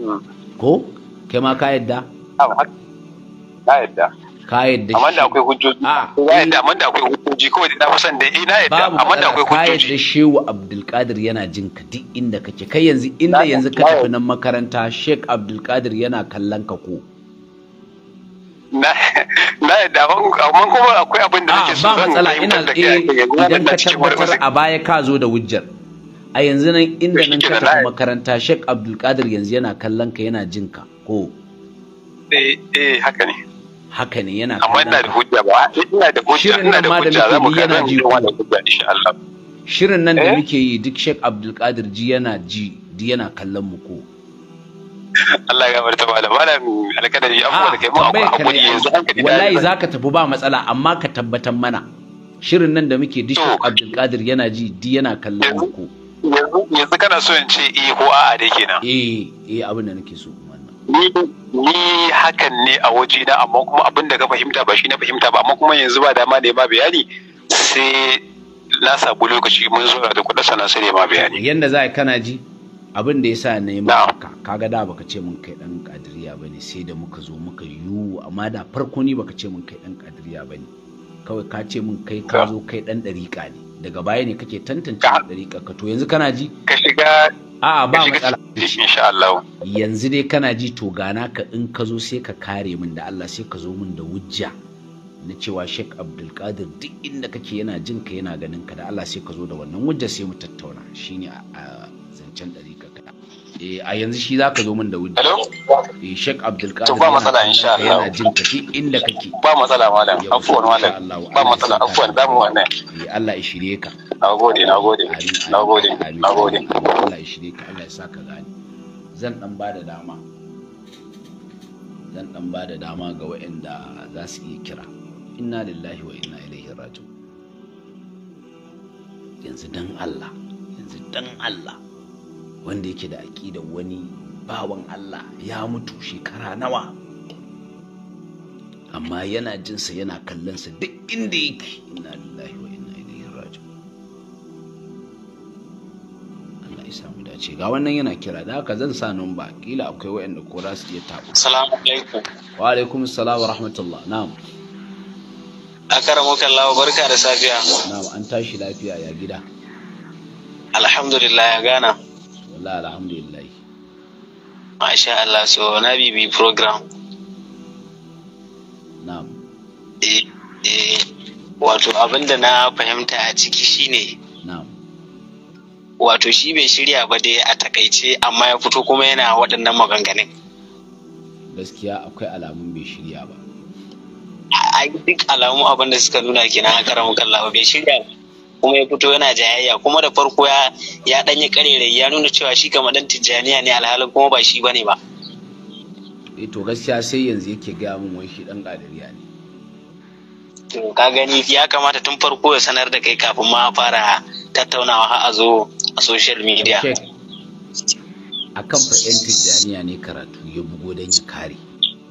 ah. ko kai ma ka yadda ah, ka yadda ka yadda amma da
akwai hujjoji ka yadda amma da akwai hujjoji kawai da kusan da ina eh, yadda amma da akwai hujjoji ka
yadda shewa abdulkadir yana jin ka duk inda kake kai yanzu inda yanzu ka tafi nan makaranta sheik abdulkadir yana kallon ka ko
na
yadda amma kuma akwai abin da ah, nake so zan Ina da kai eh, idan ka tabbatar a
baya ka zo da wujjar a yanzu nan inda nan ka tafi makaranta Sheikh Qadir yanzu yana kallon ka yana jin ka ko
eh eh haka ne
haka ne yana amma
ina da hujja ba ina da hujja ina da hujja za mu yana ji da hujja insha Allah
shirin nan da eh? muke yi duk Sheikh Qadir ji yana ji yana kallon mu ko
Allah ya gafarta malam malam alkadari abubuwa da kai mu akwai hakuri yanzu hankali wallahi zaka
tafi ba matsala amma ka tabbatar mana shirin nan da muke Abdul Qadir yana ji di yana kallon ku yanzu kana so in ce eh ko a'a dai kenan eh eh abin
da nake so ni hakan ne a waje na amma kuma abin da ka fahimta ba shi na fahimta ba amma kuma yanzu ba dama ne ma bayani sai na sabu lokaci mun
zo da kuɗa sana sai ne ma bayani yanda za kana ji abin da ya sa na yi kaga da baka ce mun kai dan kadiriya ba ne sai da muka zo muka yiwu amma da farko ni baka ce mun kai dan kadiriya ba kawai ka ce mun kai ka zo kai dan dariƙa ne daga baya ne kake tantance dariƙa ka to yanzu kana ji
ka shiga a ba matsala insha Allah
yanzu dai kana ji to gana ka in ka zo sai ka kare min da Allah sai ka zo min da wujja na cewa Sheikh Abdulkadir duk inda kake yana jin ka yana ganin ka da Allah sai ka zo da wannan wujja sai mu tattauna shine a zancen dariƙa Eh, a yanzu shi za ka zo min da wuce eh Sheikh Abdulkadir to ba matsala insha Allah yana jin kake inda kake ba
matsala
malam afwan malam ba matsala afwan da mu wannan
eh Allah ya shirye ka nagode nagode
nagode nagode
Allah ya shirye ka Allah ya saka gani zan dan ba da dama zan dan ba da dama ga waɗanda za su yi kira inna lillahi wa inna ilaihi raji'un yanzu dan Allah yanzu dan Allah wanda yake da aƙidar wani bawan Allah ya mutu shekara nawa amma yana jinsa yana kallonsa duk inda yake inna lillahi wa inna ilaihi raji'un Allah ya samu dace ga wannan yana kira da haka zan sa numba kila akwai wayanda ko za su iya tabo
assalamu alaikum
wa alaikum assalam wa rahmatullah na'am
akaramukan lawa barka da safiya
na'am an tashi lafiya ya gida
alhamdulillah ya gana
Allah alhamdulillah
masha Allah so na bibi program na'am eh eh wato abinda na fahimta a ciki shine na'am wato shi bai shirya ba dai a takaice amma ya fito kuma yana waɗannan maganganun
gaskiya akwai alamun bai shirya ba
a duk alamu abinda suka nuna kenan a karamin kallawa bai shirya ba kuma ya fito yana jayayya kuma da farko ya ya dan yi karerai ya nuna cewa shi kamar dan tijaniya ne alhalin kuma ba shi bane
ba eh to gaskiya sai yanzu yake gaya min wai shi dan gadariya ne
to ka gani ya kamata tun farko ya sanar da kai kafin ma fara tattaunawa
har a zo a social media
akan fa yan tijjaniya ne karatu ya bugo dan ya kare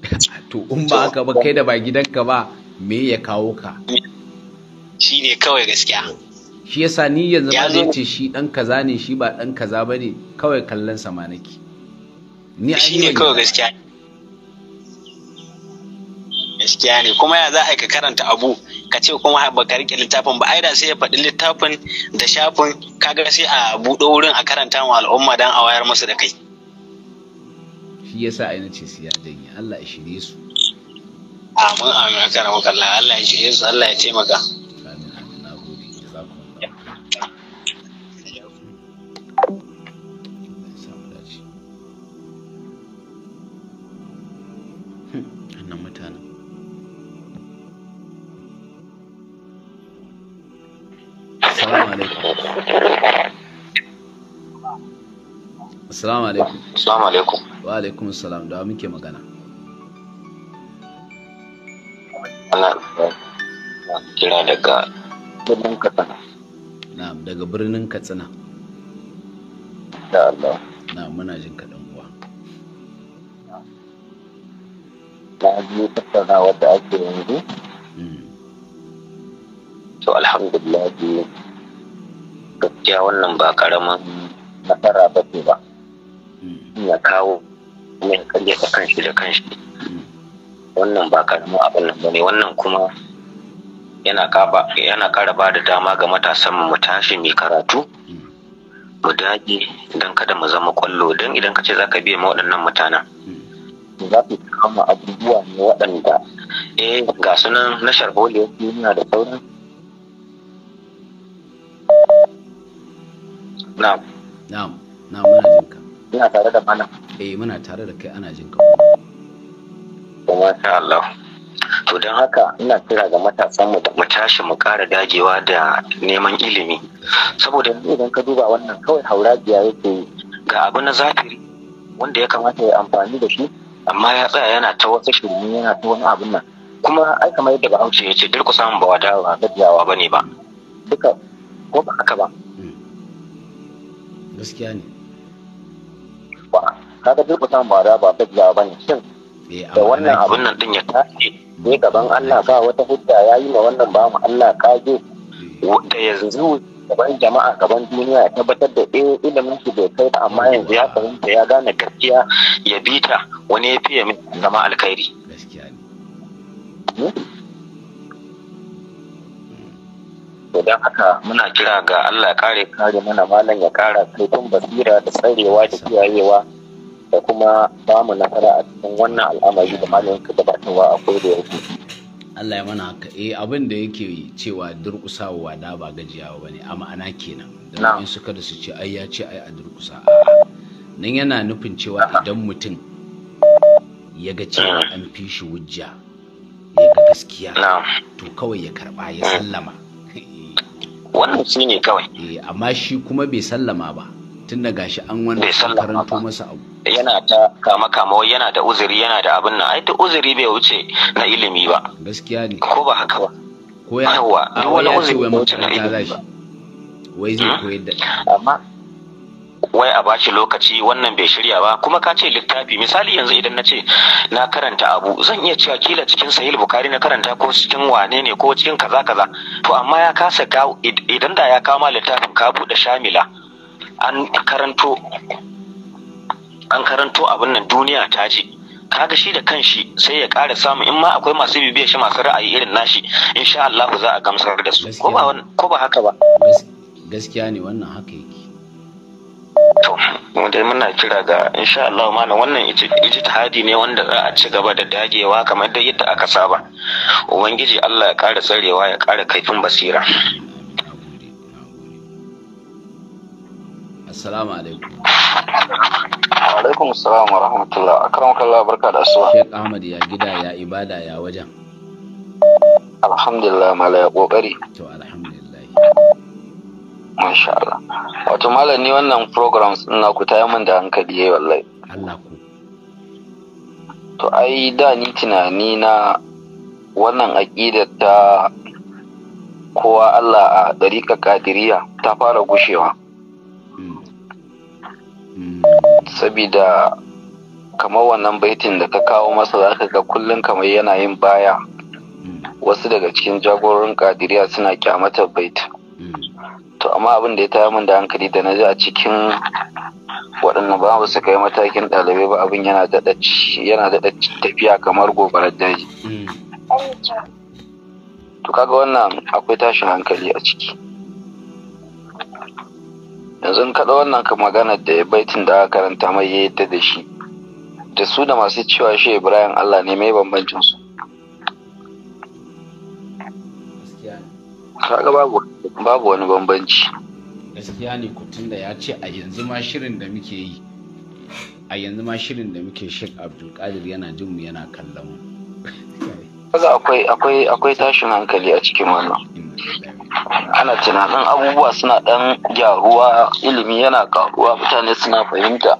to in ba haka ba kai da ba gidanka ba me ya kawo ka
shine kawai gaskiya
shi yasa ni yanzu ba zai ce shi dan kaza ne shi ba dan kaza bane kawai kallon sa ma nake ni
shi ne kawai
gaskiya gaskiya ne kuma ya za
a ka karanta abu ka ce kuma ba ka rike littafin ba ai da sai ya faɗi littafin da shafin kaga sai a buɗo wurin a karanta wa al'umma dan a wayar musu da kai
shi yasa ai nace su ya janye Allah ya shirye su
amin amin akara Allah ya shirye su Allah ya taimaka
wannan mutanen assalamu alaikum assalamu alaikum wa alaikum assalam da muke magana ana kira daga birnin katsina na daga birnin katsina insha Allah na muna jin kaɗan uwa
na ji tattaunawa da ake yanzu hmm. to alhamdulillah
gaskiya wannan ba karamin nasara ba ce ba hmm. ya kawo mai karyata kanshi da kanshi hmm. wannan ba karamin abin nan ba ne wannan kuma yana kara ba da dama ga matasan mu tashi mai karatu mu dage don kada mu zama kwallo don idan ka ce za ka biya waɗannan mutanen za ku kama abubuwa ne waɗanda eh ga sunan na sharholiya yana da sauran
na'am na'am na'am muna jin ka Ina tare da mana. eh muna tare
da kai ana jin ka ta Allah to don haka ina kira ga matasan mu mu tashi mu ƙara dagewa da neman ilimi saboda idan ka duba wannan kawai biya yake ga abu na zafiri wanda ya kamata ya amfani da shi amma ya tsaya yana ta wasu shirme yana ta wani abun nan kuma ai kamar yadda bahaushe ya ce dirku samun ba wada ba gajiyawa ba ne ba duka ko ba haka ba hmm. gaskiya ne ba kaga dirku samun ba wada ba gajiyawa ba ne shin eh, da wannan abun nan din ya tashi ne gaban Allah ba wata hujja ya yi ma wannan ba mu Allah kage da yanzu gaban jama'a gaban duniya ya tabbatar da eh ilimin shi bai kai ba amma yanzu ya fahimta ya gane gaskiya ya bita wani ya fiye min zama alkhairi don haka muna kira ga Allah kare kare mana malam ya kara kaifin basira da tsarewa da kiyayewa da kuma ba mu nasara a cikin wannan al'amari da malam ka wa akwai da yake
Allah ya mana haka eh abin da yake cewa durƙusawa wada ba gajiyawa bane a ma'ana kenan da in suka da su ce ai ya ce ai a durƙusa nan yana nufin cewa idan mutum ya ga cewa an fi shi wujja ya ga gaskiya to kawai ya karba ya sallama wannan shine kawai eh, amma shi kuma bai sallama ba tun da gashi an wani karanto masa abu
yana ta kama kama yana da uzuri yana da abin nan ai duk uzuri bai wuce na ilimi ba
gaskiya ne ko
ba haka ba ko ya yawa duk wani uzuri bai wuce na ilimi ba wai zai hmm? koyar da amma wai a bashi lokaci wannan bai shirya ba kuma ka ce littafi misali yanzu idan na ce na karanta abu zan iya cewa kila cikin sahil bukari na karanta ko cikin wane ne ko cikin kaza kaza to amma ya kasa idan da ya kama littafin ka buɗe shamila an karanto an karanto abin nan duniya ta je. kaga shi da kanshi sai ya ƙara samu in ma akwai masu bibiyar shi masu ra'ayi irin nashi insha Allah za a gamsar da su ko ba ko ba haka ba
gaskiya ne wannan
haka yake to mu muna kira ga insha Allah mana wannan ijtihadi ne wanda za a ci gaba da dagewa kamar da yadda aka saba ubangiji Allah ya ƙara tsarewa ya ƙara kaifin basira
assalamu alaikum
alaikum salam wa rahmatullah akram kallah barka da asuba
Sheikh Ahmad ya gida ya ibada ya wajen
alhamdulillah mala ya kokari to alhamdulillah masha Allah wato malam ni wannan programs ina ku ta min da hankali yayi eh, wallahi Allah ku to ai da ni tunani na wannan aqidar ta kowa Allah a dariƙa kadiriya ta fara gushewa sabida kamar wannan baitin da ka kawo masa za ka ga kullum kamar yana yin baya wasu daga cikin jagororin kadiriya suna kyamatar bait to amma abin da ya taya min da hankali da na ji a cikin waɗannan ba su kai matakin ɗalibai ba abin yana daɗa tafiya kamar gobarar daji mm. to kaga wannan akwai tashin hankali a ciki yanzu in kaɗa wannan ka magana da baitin da aka karanta mai ya yadda da shi da su da masu cewa shi ibrahim allah ne mai bambancin su kaga babu wani bambanci
gaskiya ne kutun da ya ce a yanzu ma shirin da muke yi a yanzu ma shirin da muke shek abdulkadir yana jin mu yana kallon
mu akwai akwai akwai tashin hankali a cikin wannan ana tunanin abubuwa suna ɗan gyaruwa ilimi yana karuwa mutane suna fahimta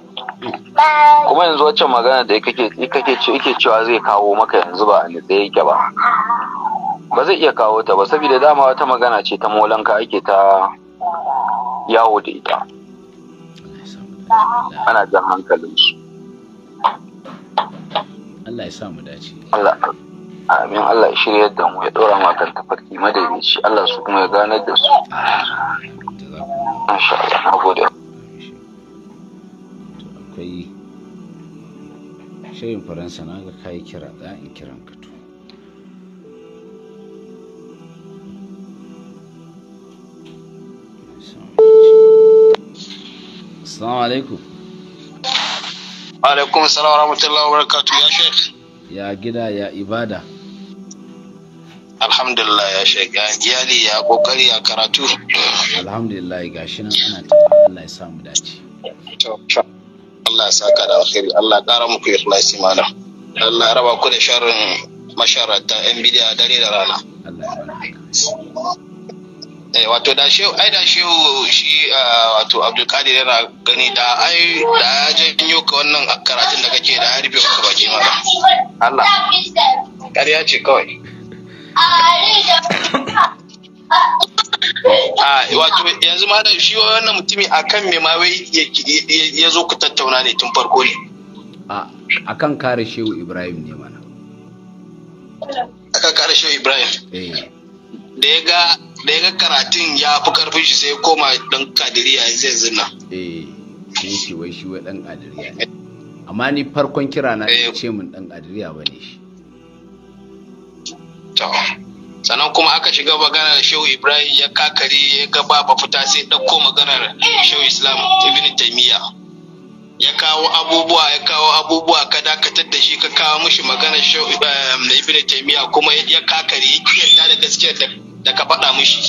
kuma yanzu wacce magana da kake cewa zai kawo maka yanzu ba a nitsa yake ba ba zai iya kawo ta ba saboda dama wata magana ce ta molanka ake ta yawo da ita ana jan hankalinsu Allah ya samu dace. Allah. amin Allah ya shirya da mu ya dora matan kan tafarki madaidaici Allah su kuma ya ganar da su insha Allah na gode akwai
shayin faransa na ga kayi kira da in kiran ka to Assalamu alaikum.
Alaikum salam wa rahmatullahi wa barakatuh ya Sheikh.
Ya gida ya ibada.
alhamdulillah ya shiga iyali ya kokari ya karatu
alhamdulillah shi nan ana ta Allah ya samu dace
Allah ya saka da alkhairi Allah ya kara muku ikhlasi mana Allah ya raba ku da sharrin masharata yan bidiya dare da rana eh wato da shehu ai da shehu shi wato abdulkadir yana gani da ai da ya janyo ka wannan karatun da kake
da ya rufe maka baki maka Allah kariya ce kawai A ah, wato yanzu
ma da shi
wannan mutumi akan me ma wai ya zo ku tattauna ne tun farko ne
a kan kare shehu ibrahim ne mana
A kan kare shehu ibrahim eh. da ya ga da ya ga karatun ya fi karfin shi sai koma dan kadiriya
zai zina eh shi wai shi wai dan kadiriya amma ni farkon kira na eh. ce mun dan kadiriya bane shi
sannan kuma aka shiga maganar shehu ibrahim ya kakari ya ga ba fita sai ɗauko maganar shehu islam ibn taimiyya ya kawo abubuwa ya kawo abubuwa ka dakatar da shi ka kawo mushi maganar shehu eh, ibn taimiyya kuma ya kakari ya yarda da gaskiyar da ka faɗa mushi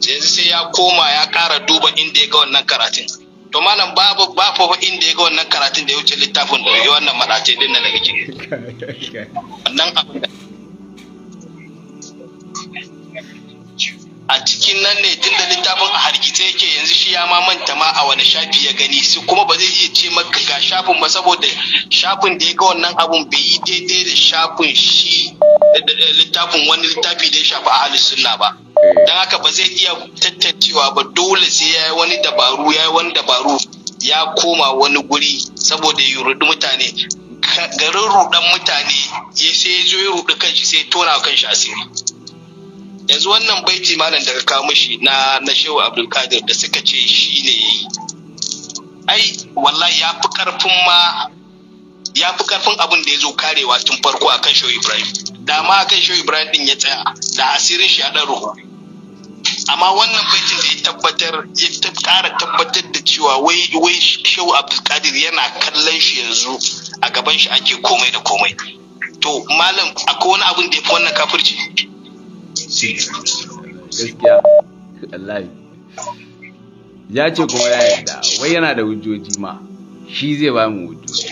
yanzu sai ya koma ya ƙara duba inda ya ga wannan karatun to malam babu ba fa inda ya ga wannan karatun da ya wuce littafin da ya wannan maɗace din da kake wannan abin da a cikin nan ne tunda littafin a hargitse yake yanzu shi ya ma manta ma a wani shafi ya gani su kuma ba zai iya ce maka ga shafin ba saboda shafin da ya ga wannan abun bai yi daidai da shafin shi littafin wani littafi da ya shafi ahli sunna ba eh. don haka ba zai iya tantancewa ba dole sai ya yi wani dabaru ya yi wani dabaru ya koma wani guri saboda ya rudi mutane garin rudan mutane sai ya zo ya kan kanshi sai ya tona kanshi asiri yanzu wannan baiti malam daga kawo shi na na shehu kadir da suka ce shi ne yi. ai wallahi ya fi karfin ma ya fi karfin abin da ya zo karewa tun farko akan shehu ibrahim da ma akan shehu ibrahim din ya tsaya da asirin shi a dan ruhu amma wannan baitin da ya tabbatar ya kara tabbatar da cewa wai wai shehu kadir yana kallon shi yanzu a gaban shi ake komai da komai to malam akwai wani abin da ya fi wannan kafirci
gaskiya ya ce kuma ya yarda wai yana da hujjoji ma shi zai ba mu hujjoji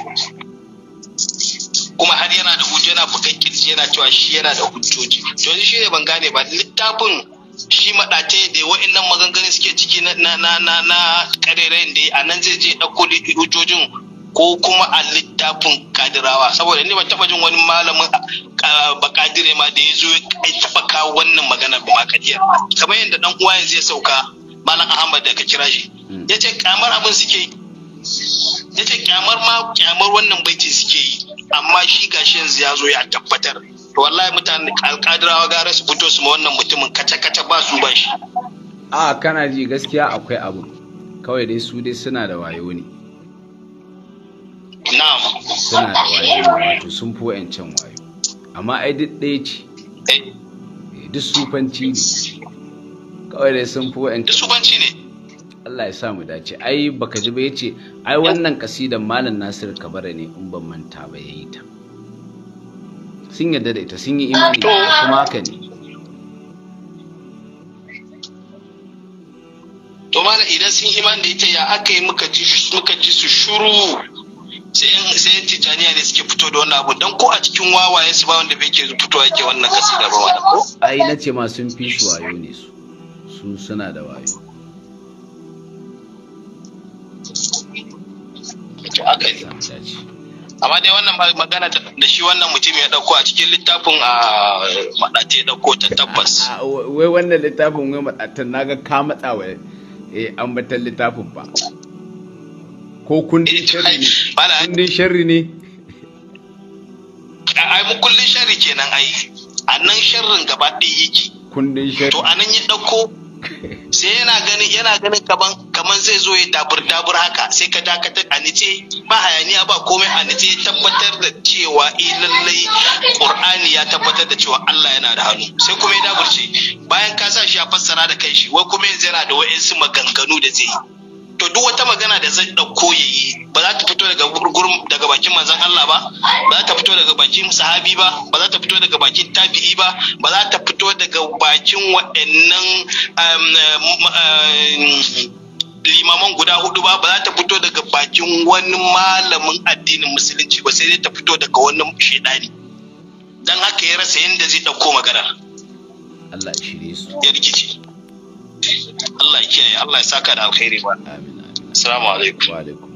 kuma har yana da hujjoji yana fukan kirji yana cewa shi yana da hujjoji to shi ne ban gane ba littafin shi maɗace da wa'annan maganganun suke ciki na na na na da a nan zai je ɗauko hujjojin ko kuma a littafin kadirawa saboda ni ban taba jin wani malamin bakadire ma da ya zo ya taba kawo wannan maganar ba kadiyar kamar yadda dan uwa yanzu ya sauka malam ahmad da ka kira shi hmm. ya ce kamar abin suke ya ce kyamar ma kyamar wannan baiti suke yi amma shi gashi yanzu ya zo ya tabbatar to wallahi mutane alkadirawa gara su fito su ma wannan mutumin kaca-kaca ba su ba shi
a kana ji gaskiya akwai abu kawai dai su dai suna da wayo ne
suna
da wayo wato sun fi wayancan wayo amma ai duk ɗaya ce eh. Eh, duk sufanci ne kawai dai sun fi wa'ancan sufanci ne Allah ya sa mu dace ai baka ji ba yace ai wannan kasidan malam Nasir Kabara ne in ban manta ba yayi ta sun yarda da ita sun yi imani kuma haka ne to mana idan sun
imani da ita ya aka yi muka ji su shuru sai yan tijaniya ne suke fito da wannan abu don ko a cikin wawayen su ba wanda bai ke fitowa yake wannan kasida ba wannan ko
ai na ce ma sun fi su wayo ne su su suna da wayo
amma dai wannan magana da shi wannan mutum ya dauko a cikin littafin a madace dauko ta
tabbas wai wannan littafin wai madatan naga ka matsa wai eh ambatan littafin ba ko eh, kundin sharri ne kundin sharri ne
ai mu kullun sharri kenan ai annan sharrin gaba ɗaya yake
kundin sharri to
anan ya ɗauko sai yana ganin yana ganin kaman kaman zai zo ya dabur dabur haka sai ka dakatar a nice ba hayaniya ba komai a nice ya tabbatar da cewa eh lallai qur'ani ya tabbatar da cewa Allah yana da hannu sai kuma ya daburce bayan ka sa shi ya fassara da kai shi wai kuma yanzu yana da wa'insu maganganu da zai yi to duk wata magana da zai dauko yi ba za ta fito daga gurgurum daga bakin manzon Allah ba ba za ta fito daga bakin sahabi ba ba za ta fito daga bakin tabi'i ba ba za ta fito daga bakin waɗannan um, um, um, limaman guda hudu ba ba za ta fito daga bakin wani malamin addinin musulunci ba sai dai ta fito daga wani shaidani dan haka ya rasa yadda zai dauko magana? Allah ya shirye su ya rikice Allah ya kiyaye Allah ya saka da alkhairi ba
assalamu
alaikum wa alaikum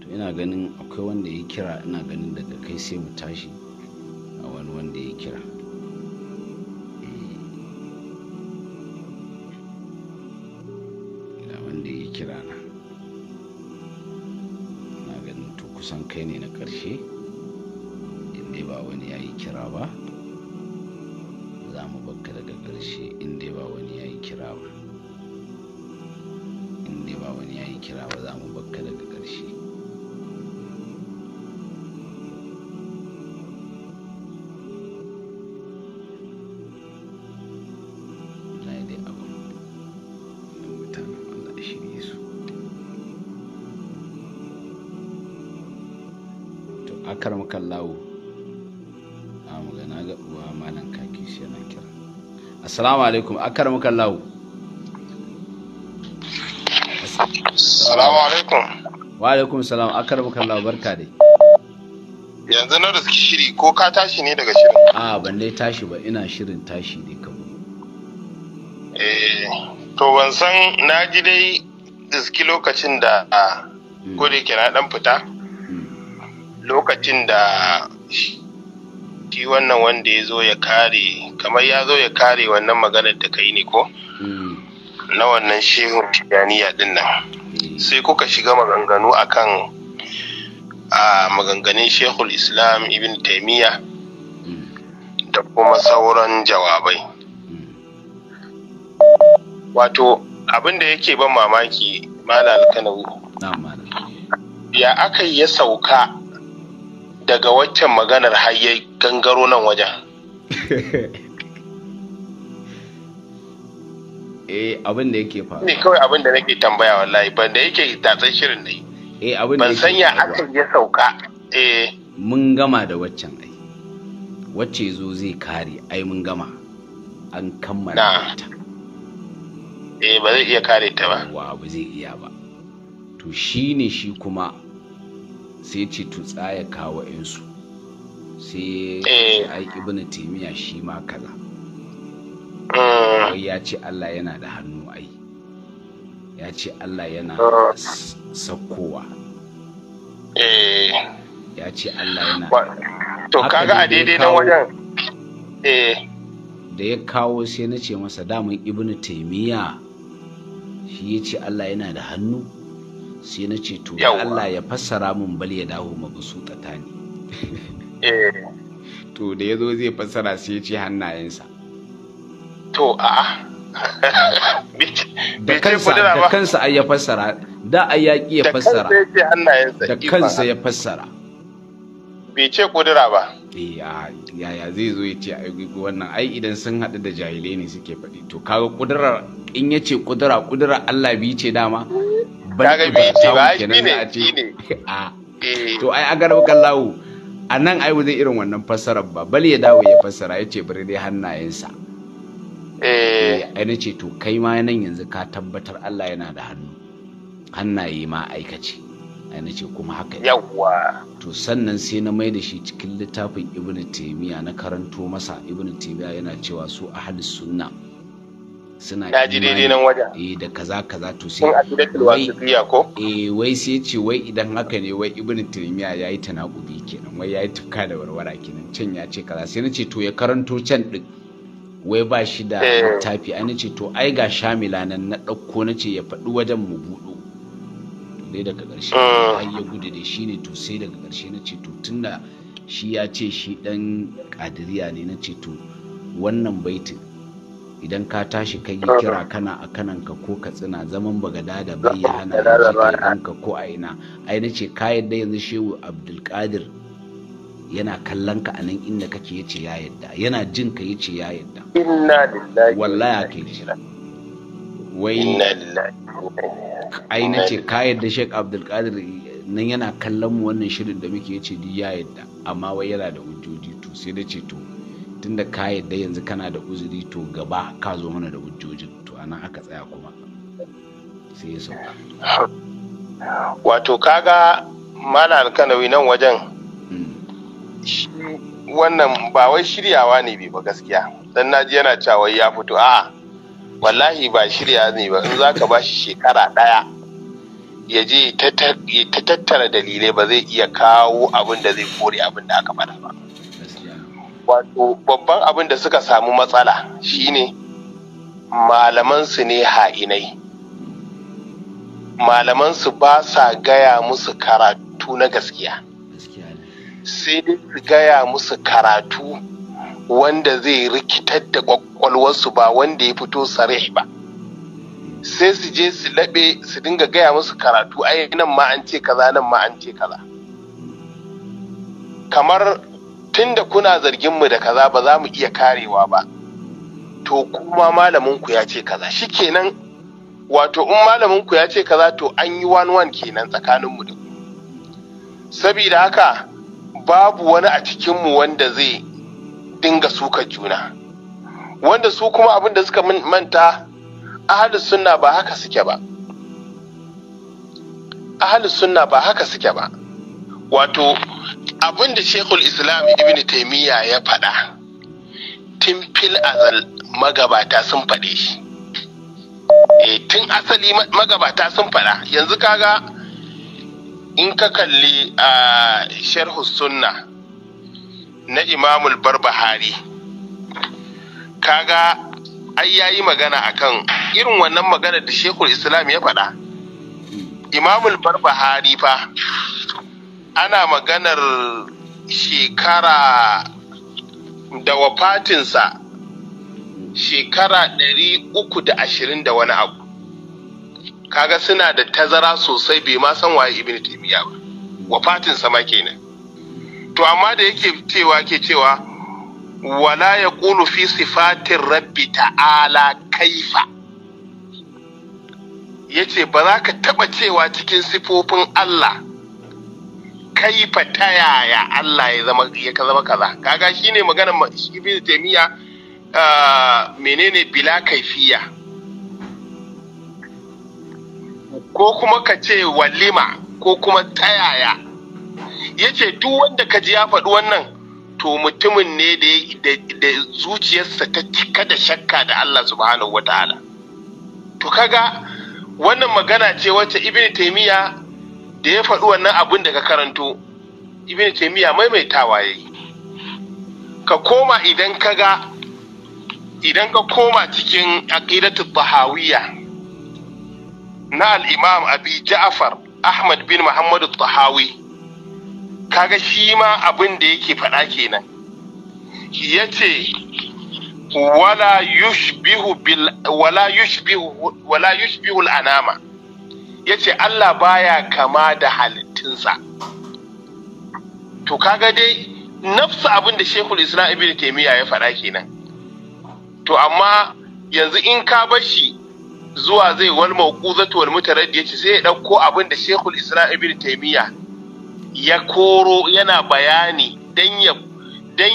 to ina ganin akwai wanda ya kira ina ganin daga kai sai mu tashi a wani wanda ya kira wani ya yi kira ba za mu bakka daga ƙarshe akar mukan lawo a magana ga uwa malam kaki shi yana kira assalamu alaikum akar mukan lawo wa alaikum salam akar muka Allah barka dai
yanzu na da shiri ko ka tashi ne daga shirin
a ban dai tashi ba ina shirin tashi dai kawai
eh to ban san na ji dai diski lokacin da hmm. ko da ke na dan fita hmm. lokacin da shi wannan wanda ya zo ya kare kamar ya zo ya kare wannan maganar da kai ne ko hmm. na wannan shehun tijaniya din nan sai kuka shiga maganganu akan a maganganun shekul islam ibn taimiyya mm. da kuma sauran jawabai mm. wato abin da yake ban mamaki mana alkanawi ya aka ya sauka daga waccan maganar hayyai gangaro nan wajen
eh abin da yake faruwa ne
kawai abin da nake tambaya wallahi ban da yake tatsan shirin ne
eh abin da ban sanya aka
ya sauka eh
mun gama da waccan ai wacce zo zai kare ai mun gama an kammala ta
eh ba zai iya kare ta ba wa ba zai iya ba
to shine shi kuma sai ce tutsa ya kawo insu sai eh. ai ibnu taymiya shi ma kaza wai ya ce Allah yana da hannu ai ya ce Allah yana ah. sakkowa eh. ya ce Allah yana to kaga a daidai
nan wajen
eh.
da ya kawo sai na ce masa mun ibnu taimiyya shi ya ce Allah yana da hannu sai na ce to Allah ya fassara mun bal ya dawo ni eh to da ya zo zai fassara sai ya ce hannayensa to a
da kansa da
kansa ai ya fassara da ai ya ki ya fassara
da kansa ya fassara bai ce kudura ba yaya
eh, zai zo ya ce ai wannan ai idan sun haɗu da jahilai ne suke faɗi to kaga kudurar in ya ce kudura kudura Allah bi ce dama
kaga bi ce ba shi ne
shi ah. ne eh. to ai agar kallawu a nan ai zai irin wannan fassarar ba bal ya dawo ya fassara ya ce bari dai hannayensa eh na ce to kai ma nan yanzu ka tabbatar Allah yana da hannu hannaye ma aikace ai na ce kuma haka
yawwa
to sannan sai na mai da shi cikin littafin ibnu taymiya na karanto masa ibnu taymiya yana cewa su ahli sunna suna ya ji daidai nan wajen eh da kaza kaza to sai
wai ko
eh wai sai ce wai idan haka ne wai ibnu taymiya yayi tanakubi kenan wai yayi tufka da warwara kenan can ya ce kaza sai na ce to ya karanto can din wai ba shi da eh. tafi ai ce to ai ga shamila nan na ɗauko nace ya faɗi wajen mu buɗo dai daga ƙarshe ai ah. ya gudu da shi ne to sai daga ƙarshe ce to tunda shi ya ce shi ɗan kadiriya ne ce to wannan baitin idan ka tashi kai yi ah. kira kana a kananka ko ka tsina zaman baga da ah. bayyana yanzu hana ka ko a ina ai nace ka yadda yanzu shehu abdulkadir yana kallon ka anan inda kake yace ya yadda yana jin ka yace ya yadda inna lillahi wallahi ake ce wai inna lillahi ai nace ka yadda Sheikh Abdul Qadir nan yana kallon mu wannan shirin da muke yace di ya yadda amma wai yana da hujjoji to sai da ce to tunda ka yadda yanzu kana da uzuri to gaba ka zo mana da hujjojin to
anan aka tsaya kuma sai ya sauka wato kaga malam alkanawi nan wajen wannan ba wai shiryawa ne bai ba gaskiya dan naji yana cewa ya fito a wallahi ba shirya ne ba in zaka ba shi shekara daya ya je tattara dalilai ba zai iya kawo abin da zai kore abin da aka faɗa ba wato babban abin da suka samu matsala shine su ne ha'inai Malaman su ba sa gaya musu karatu na gaskiya sai su gaya musu karatu wanda zai rikitar da kwakwalwarsu ba wanda ya fito sarih ba sai su je su laɓe su dinga gaya musu karatu ai nan ma an ce kaza nan ma an ce kaza kamar tun da kuna zargin mu da kaza ba za mu iya karewa ba to kuma malamin ya ce kaza shikenan wato in malaminku ku ya ce kaza to an yi wan wan kenan tsakanin mu da ku saboda haka babu wani a cikinmu wanda zai dinga suka juna wanda su kuma abin da suka manta ahalus sunna ba haka suke ba ahalus sunna ba haka suke ba wato abin da shekul islam ibn taimiyya ya faɗa tun fil azal magabata sun faɗe shi eh, tun asali magabata sun faɗa yanzu kaga in ka kalli a sharhu sunna na imamul barbahari kaga ai yayi magana akan irin wannan magana da shekul islam ya faɗa imamul barbahari fa ana maganar shekara da wafatinsa shekara ɗari uku da ashirin da wani abu kaga suna da tazara sosai bai ma san waye ibn taymiya ba wafatin sama kenan to amma da yake cewa ke cewa wala ya fi sifatin rabbi ta'ala kaifa ya ce ba za ka taɓa cewa cikin sifofin Allah kaifa ta yaya Allah ya zama ya ka zama kaza kaga shine maganar ibn taymiya ah, menene bila kaifiya ko kuma ka ce walima ko kuma tayaya ya ce duk wanda ka ji ya faɗi wannan to mutumin ne da zuciyarsa ta cika da shakka da Allah subhanahu wa ta'ala to kaga wannan magana ce wacce ibn taimiya da ya faɗi wannan abin da ka karanto ibn taimiya maimaitawa ya ka koma idan kaga idan ka koma cikin aqidatu bahawiyya na al'imam abi ja'afar ahmad bin muhammadu tahawi kaga shi ma abin da yake faɗa kenan ya ce wala yushbihu bihu al'anama ya ce Allah baya kama da halittunsa to kaga dai nafsa abin da shekul islam ibn taimiyya ya faɗa kenan to amma yanzu in ka bashi. shi zuwa zai wal da ya ce, sai ya ɗauko abin da shekul isra'i Ibn taimiyya ya koro yana bayani dan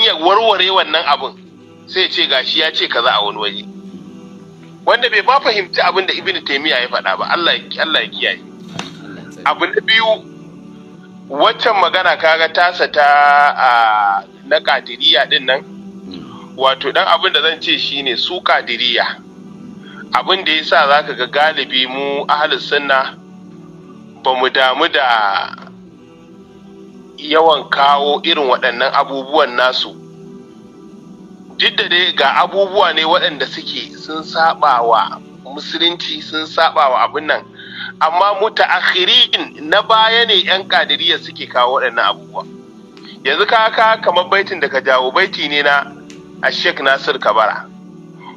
ya warware wannan abin sai ya ce gashi ya ce kaza a wani waje wanda bai ba fahimci abin da Ibn taimiyya ya faɗa ba Allah ya kiyaye abu na biyu waccan magana kaga tasa ta na kadiriya din nan wato dan abin da zan ce shine su kadiriya abin da ya sa za ka ga galibi mu ahalus sunna ba mu damu da yawan kawo irin waɗannan abubuwan nasu duk da dai ga abubuwa ne waɗanda suke sun saba wa musulunci sun saba wa abin nan amma muta'akhirin na baya ne 'yan kadiriya suke kawo waɗannan abubuwa yanzu ka ka kamar baitin da ka jawo baiti ne na a shek nasir kabara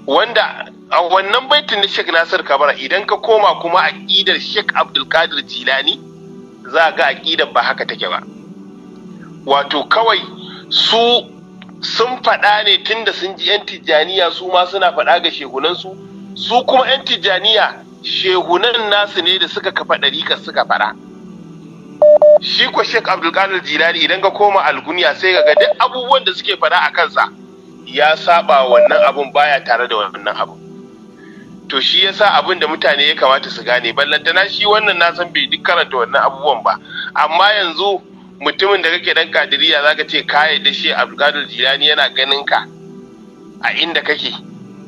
wanda a wannan baitin na Sheikh Nasir Kabara idan ka koma kuma aqidar Sheikh Abdul Qadir Jilani za ga aqidar ba haka take ba wato kawai su sun faɗa ne tunda sun ji yan Tijjaniya su ma suna faɗa ga shehunansu su kuma yan Tijjaniya shehunan nasu ne da suka kafa ɗarikar suka fara shi ko Sheikh Abdul Qadir Jilani idan ka koma algunya sai ga duk abubuwan da suke faɗa a kansa ya saba wannan abun baya tare da wannan abun to shi yasa abin da mutane ya kamata su gane ballantana shi wannan na san bai duk karanta wannan abubuwan ba amma yanzu mutumin da kake dan kadiriya zaka ce ka da shi Abdulkadir Jilani yana ganin ka a inda kake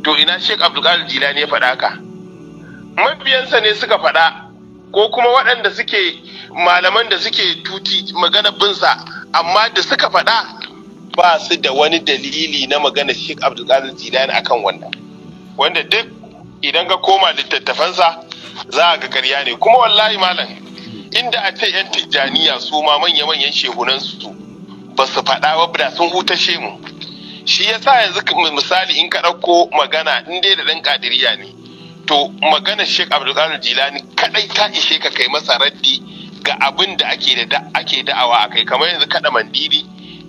to ina Sheikh Abdulkadir Jilani ya faɗa ka mabiyansa ne suka faɗa ko kuma waɗanda suke malaman da suke tuti magana binsa amma da suka faɗa ba su da wani dalili na magana Sheikh Abdulkadir Jilani akan wannan wanda duk idan ka koma littattafansa za ga karya ne kuma wallahi malam inda a ce yan tijjaniya su ma manya-manyan shehunan su ba su faɗa ba da sun hutashe mu shi ya sa yanzu misali in ka ɗauko magana in dai da ɗan kadiriya ne to magana Sheikh Abdulkadir Jilani kadai ta ishe ka kai masa raddi ga abin da ake da ake da'awa akai kamar yanzu kada mandiri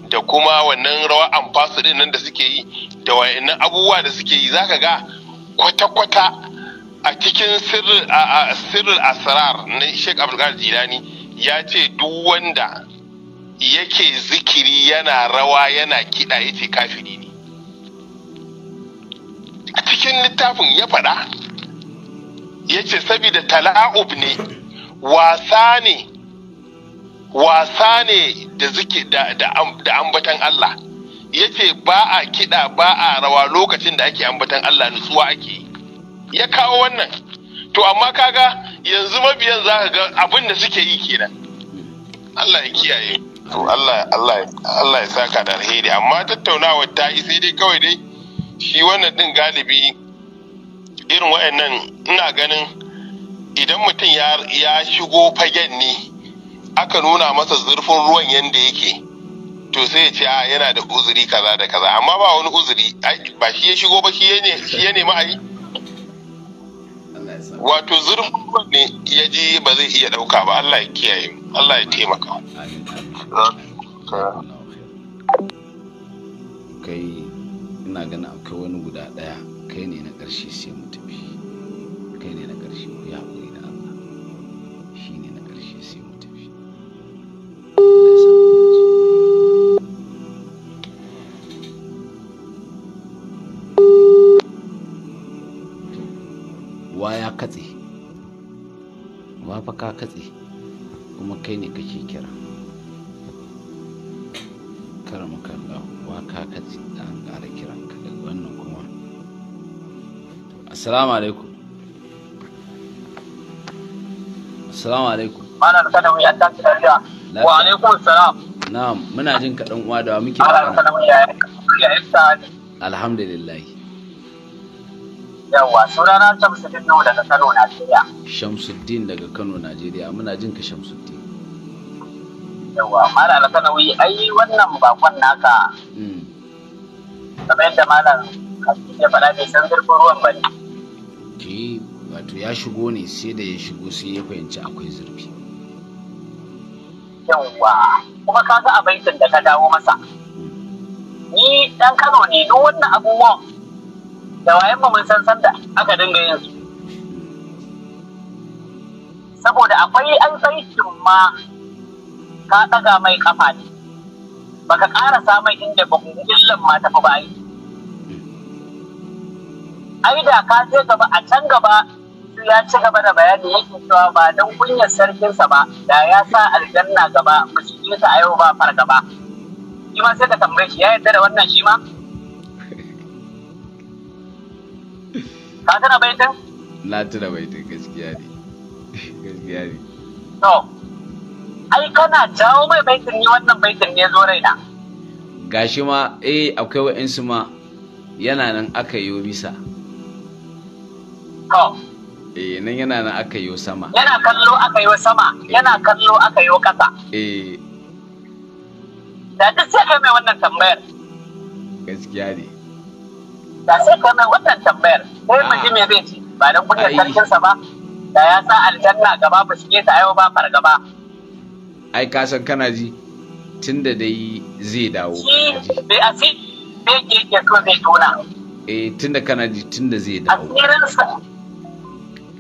da kuma wannan rawa amfasu din nan da suke yi da wayannan abubuwa da suke yi zaka ga kwata-kwata a cikin sirrul asrar na sheik abdulkadir jilani ya ce duk wanda yake zikiri yana rawa yana kiɗa ya ce kafiri ne a cikin littafin ya faɗa ya ce saboda tala'ub ne wasa ne wasa ne da ambatan Allah Ya ce ba a kiɗa ba a rawa lokacin da ake ambatan Allah nutsuwa ake yi ya kawo wannan to amma kaga yanzu mabiyan za ka ga abin da suke yi kenan Allah ya kiyaye to Allah Allah Allah ya saka da alheri amma tattaunawa ta yi sai dai kawai dai shi wannan ɗin galibi irin waɗannan ina ganin idan mutum ya shigo fagen ne aka nuna masa zurfin ruwan yadda yake to sai ya ce a ah, yana da uzuri kaza da kaza amma ba wani uzuri ba shi ya shigo ba shi ya nemi a yi wato zurfin ne ya ji ba zai iya ɗauka ba Allah ya kiyaye Allah ya taimaka
kai ina gana akwai wani guda ɗaya kai ne na ƙarshe sai mu tafi kai ne na ƙarshe ya haƙuri da Allah shi ne na ƙarshe sai mu tafi katse amma fa ka katse kuma kai ne kake kira kalla wa ka katse an ƙara kiran ka daga wannan kuma assalamu alaikum assalamu alaikum
malam kada ya yadda ta da wa alaikum assalam
na'am muna jin ka dan uwa da muke alhamdulillah
Yawwa, sunana Shamsuddin Nuhu daga Kano, Najeriya.
Shamsuddin daga Kano, Najeriya. Muna jin ka Shamsuddin.
Yawwa, Malam Alkanawi, ai wannan bakon naka. Mm. Kamar yadda Malam Haskin ya faɗa bai san zurfin ruwan bane
Ki wato ya shigo ne sai da ya shigo sai ya fahimci akwai zurfi.
yawa kuma ka ga abincin da ka dawo masa. Mm. Ni dan Kano ne duk wannan abubuwan wayan mun san sanda aka dinga yin su saboda akwai an aikin ma ka ɗaga mai kafa ne baka karasa mai inda ba illan ma tafi ba ai da ka je gaba a can gaba ya ci gaba da bayani yake cewa ba don kunyar sarkinsa ba da ya sa aljanna gaba musulunsa a yau ba fargaba shi ma sai ka tambaye shi ya yarda da wannan shi ma ka tana baitin
na tuna baitin gaskiya ne gaskiya ne
to ai kana jawo mai baitin ne wannan baitin ne zo raina
gashi ma eh akwai wa'insu ma yana nan aka yi bisa to eh nan yana nan aka yi sama
yana kallo aka yi sama eh. yana kallo aka yi ƙasa. eh da duk sai kai mai wannan tambayar
gaskiya ne
da sai ka mai wannan tambayar sai mu ji me zai ci ba dan kunyar sa ba da ya sa aljanna gaba ba shige ta yau ba fargaba
ai ka san kana ji tunda dai zai dawo
bai asi bai ke ke so zai tona
eh tunda kana ji tunda zai
dawo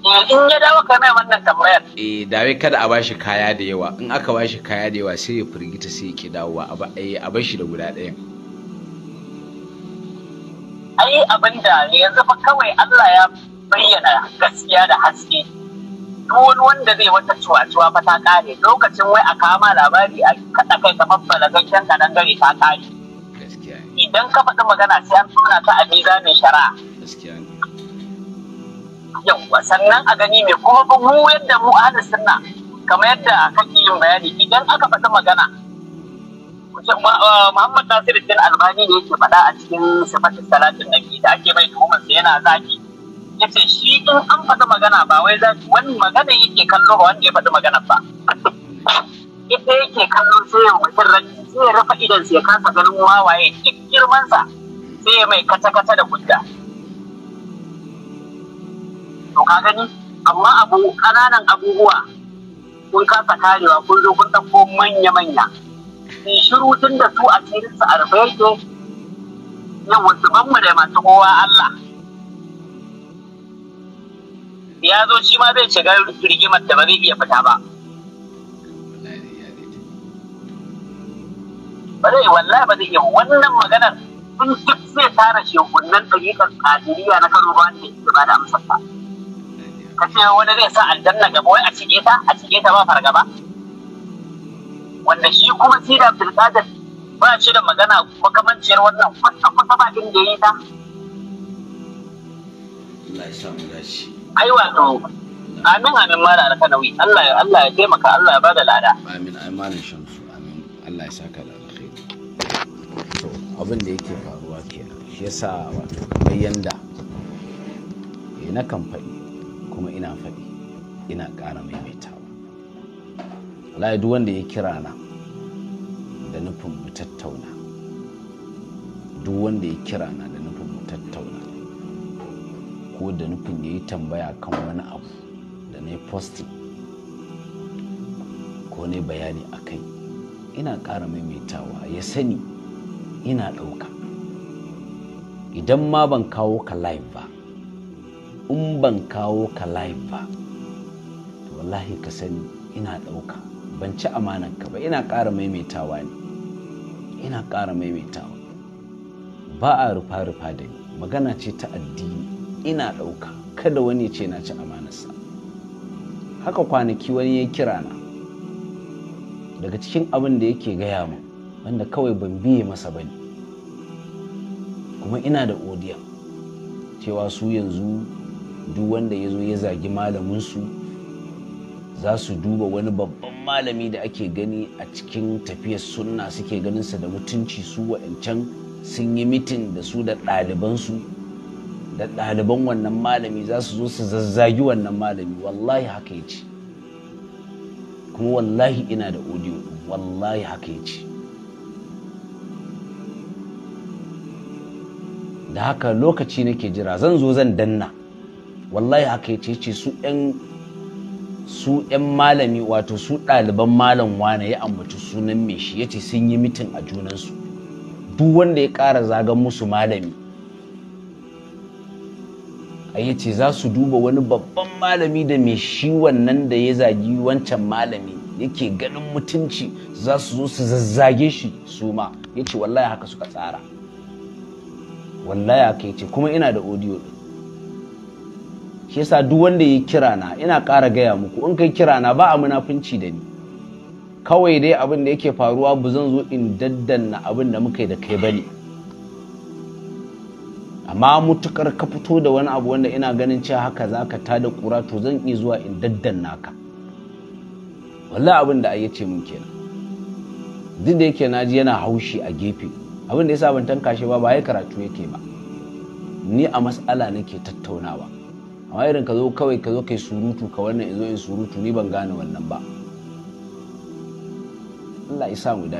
eh, in ya dawo ka mai wannan tambayar
eh wai kada a bashi kaya da yawa in aka bashi kaya da yawa sai ya firgita sai ya ke dawowa a bashi eh, da guda ɗayan
ai abin da yanzu fa kawai Allah ya bayyana gaskiya da haske wani wanda zai wata cuwa-cuwa fa ta kare lokacin wai a kama labari a kaɗa kai kamar balagaggen kanan gare ta kare idan ka faɗi magana sai an tona ta a mai shara yawwa sannan a gani mai kuma mu yadda mu ahalin sunna kamar yadda kake yin bayani idan aka faɗi magana Uh, Muhammad Nasiruddin Albani ne yake faɗa a cikin sifatin salatin nabi da ake mai tuhumar sa yana zaki yace shi in an faɗi magana ba wai zaki wani magana yake kallo ba wanda ya faɗi magana ba ita yake kallo sai ya mutum sai ya rufe idan sai ya kasa ganin wawaye duk sa sai ya mai kata-kata da gudda to ka gani amma abu ƙananan abubuwa kun kasa karewa kun zo kun ɗauko manya-manya mai shiru tun da su a cikin su arfa ke? yin wasu mu da masu kowa Allah ya zo shi ma zai shiga rigimar da ba zai iya fita ba ba zai wallahi ba zai iya wannan maganar sun duk zai tara shekunnan ɗariƙar kadiriya na kano ba wanda ya ba da amsarsa ka ce wani zai sa aljanna gaba wai a cike ta a cike ta ba fargaba wanda shi kuma sida abdulkadir ba shi da magana makamanciyar wannan kwata kwata ba da ya yi ta
Allah
ai wato amin amin mara alka nauyi Allah ya taimaka Allah ya bada lada
amin ai malam shamsu amin Allah ya saka da to abin da yake faruwa kenan shi yasa wato kamar yanda eh, na kan faɗi kuma ina faɗi ina ƙara maimaita wallahi duk wanda ya kira na da nufin mu tattauna duk wanda ya kira na da nufin mu tattauna ko da nufin ya yi tambaya kan wani abu da na yi ko na bayani a kai ina ƙara maimaitawa ya sani ina ɗauka idan ma ban kawo ka live ba in ban kawo ka live ba to wallahi ka sani ina ɗauka ban ci amanarka ba ina ƙara maimaitawa ne ina ƙara maimaitawa ba a rufa-rufa da ni magana ce ta addini ina ɗauka kada wani ce na ci amanarsa haka kwanaki wani ya kira na daga cikin abin da yake gaya min wanda kawai ban biye masa ba ne kuma ina da odiya cewa su yanzu duk wanda ya zo ya zagi malaminsu za su duba wani babban malami da ake gani a cikin tafiyar sunna suke ganinsa da mutunci su wa'ancan sun yi mitin da su da ɗalibansu da ɗaliban wannan malami za su zo su zazzagi wannan malami wallahi haka ya ce kuma wallahi ina da audio wallahi haka ya ce da haka lokaci nake jira zan zo zan danna wallahi haka ya ce su 'yan su 'yan malami wato su ɗaliban malam wane ya ambaci sunan mai shi ya ce sun yi mitin a junansu duk wanda ya ƙara zagan musu malami a ya ce za su duba wani babban malami da mai shi wannan da ya zagi wancan malami yake ganin mutunci za su zo su zazzage shi su ma ya ce wallahi haka suka tsara wallahi haka ya ce kuma ina da odiyo ɗin shi yasa duk wanda ya kira na ina kara gaya muku in kai kira na ba a munafunci da ni kawai dai abin da yake faruwa bu zan zo in daddanna abin da muka yi da kai bane amma mutukar ka fito da wani abu wanda ina ganin cewa haka za ka ta da ƙura to zan iya zuwa in daddanna ka wallahi abin da ai ce mun kenan duk da yake naji yana haushi a gefe abin da yasa ban tanka shi ba ba ya karatu yake ba ni a matsala nake tattaunawa amma irin ka zo kawai
ka zo kai surutu ka wannan in in surutu ni ban gane wannan ba Allah ya sa mu dace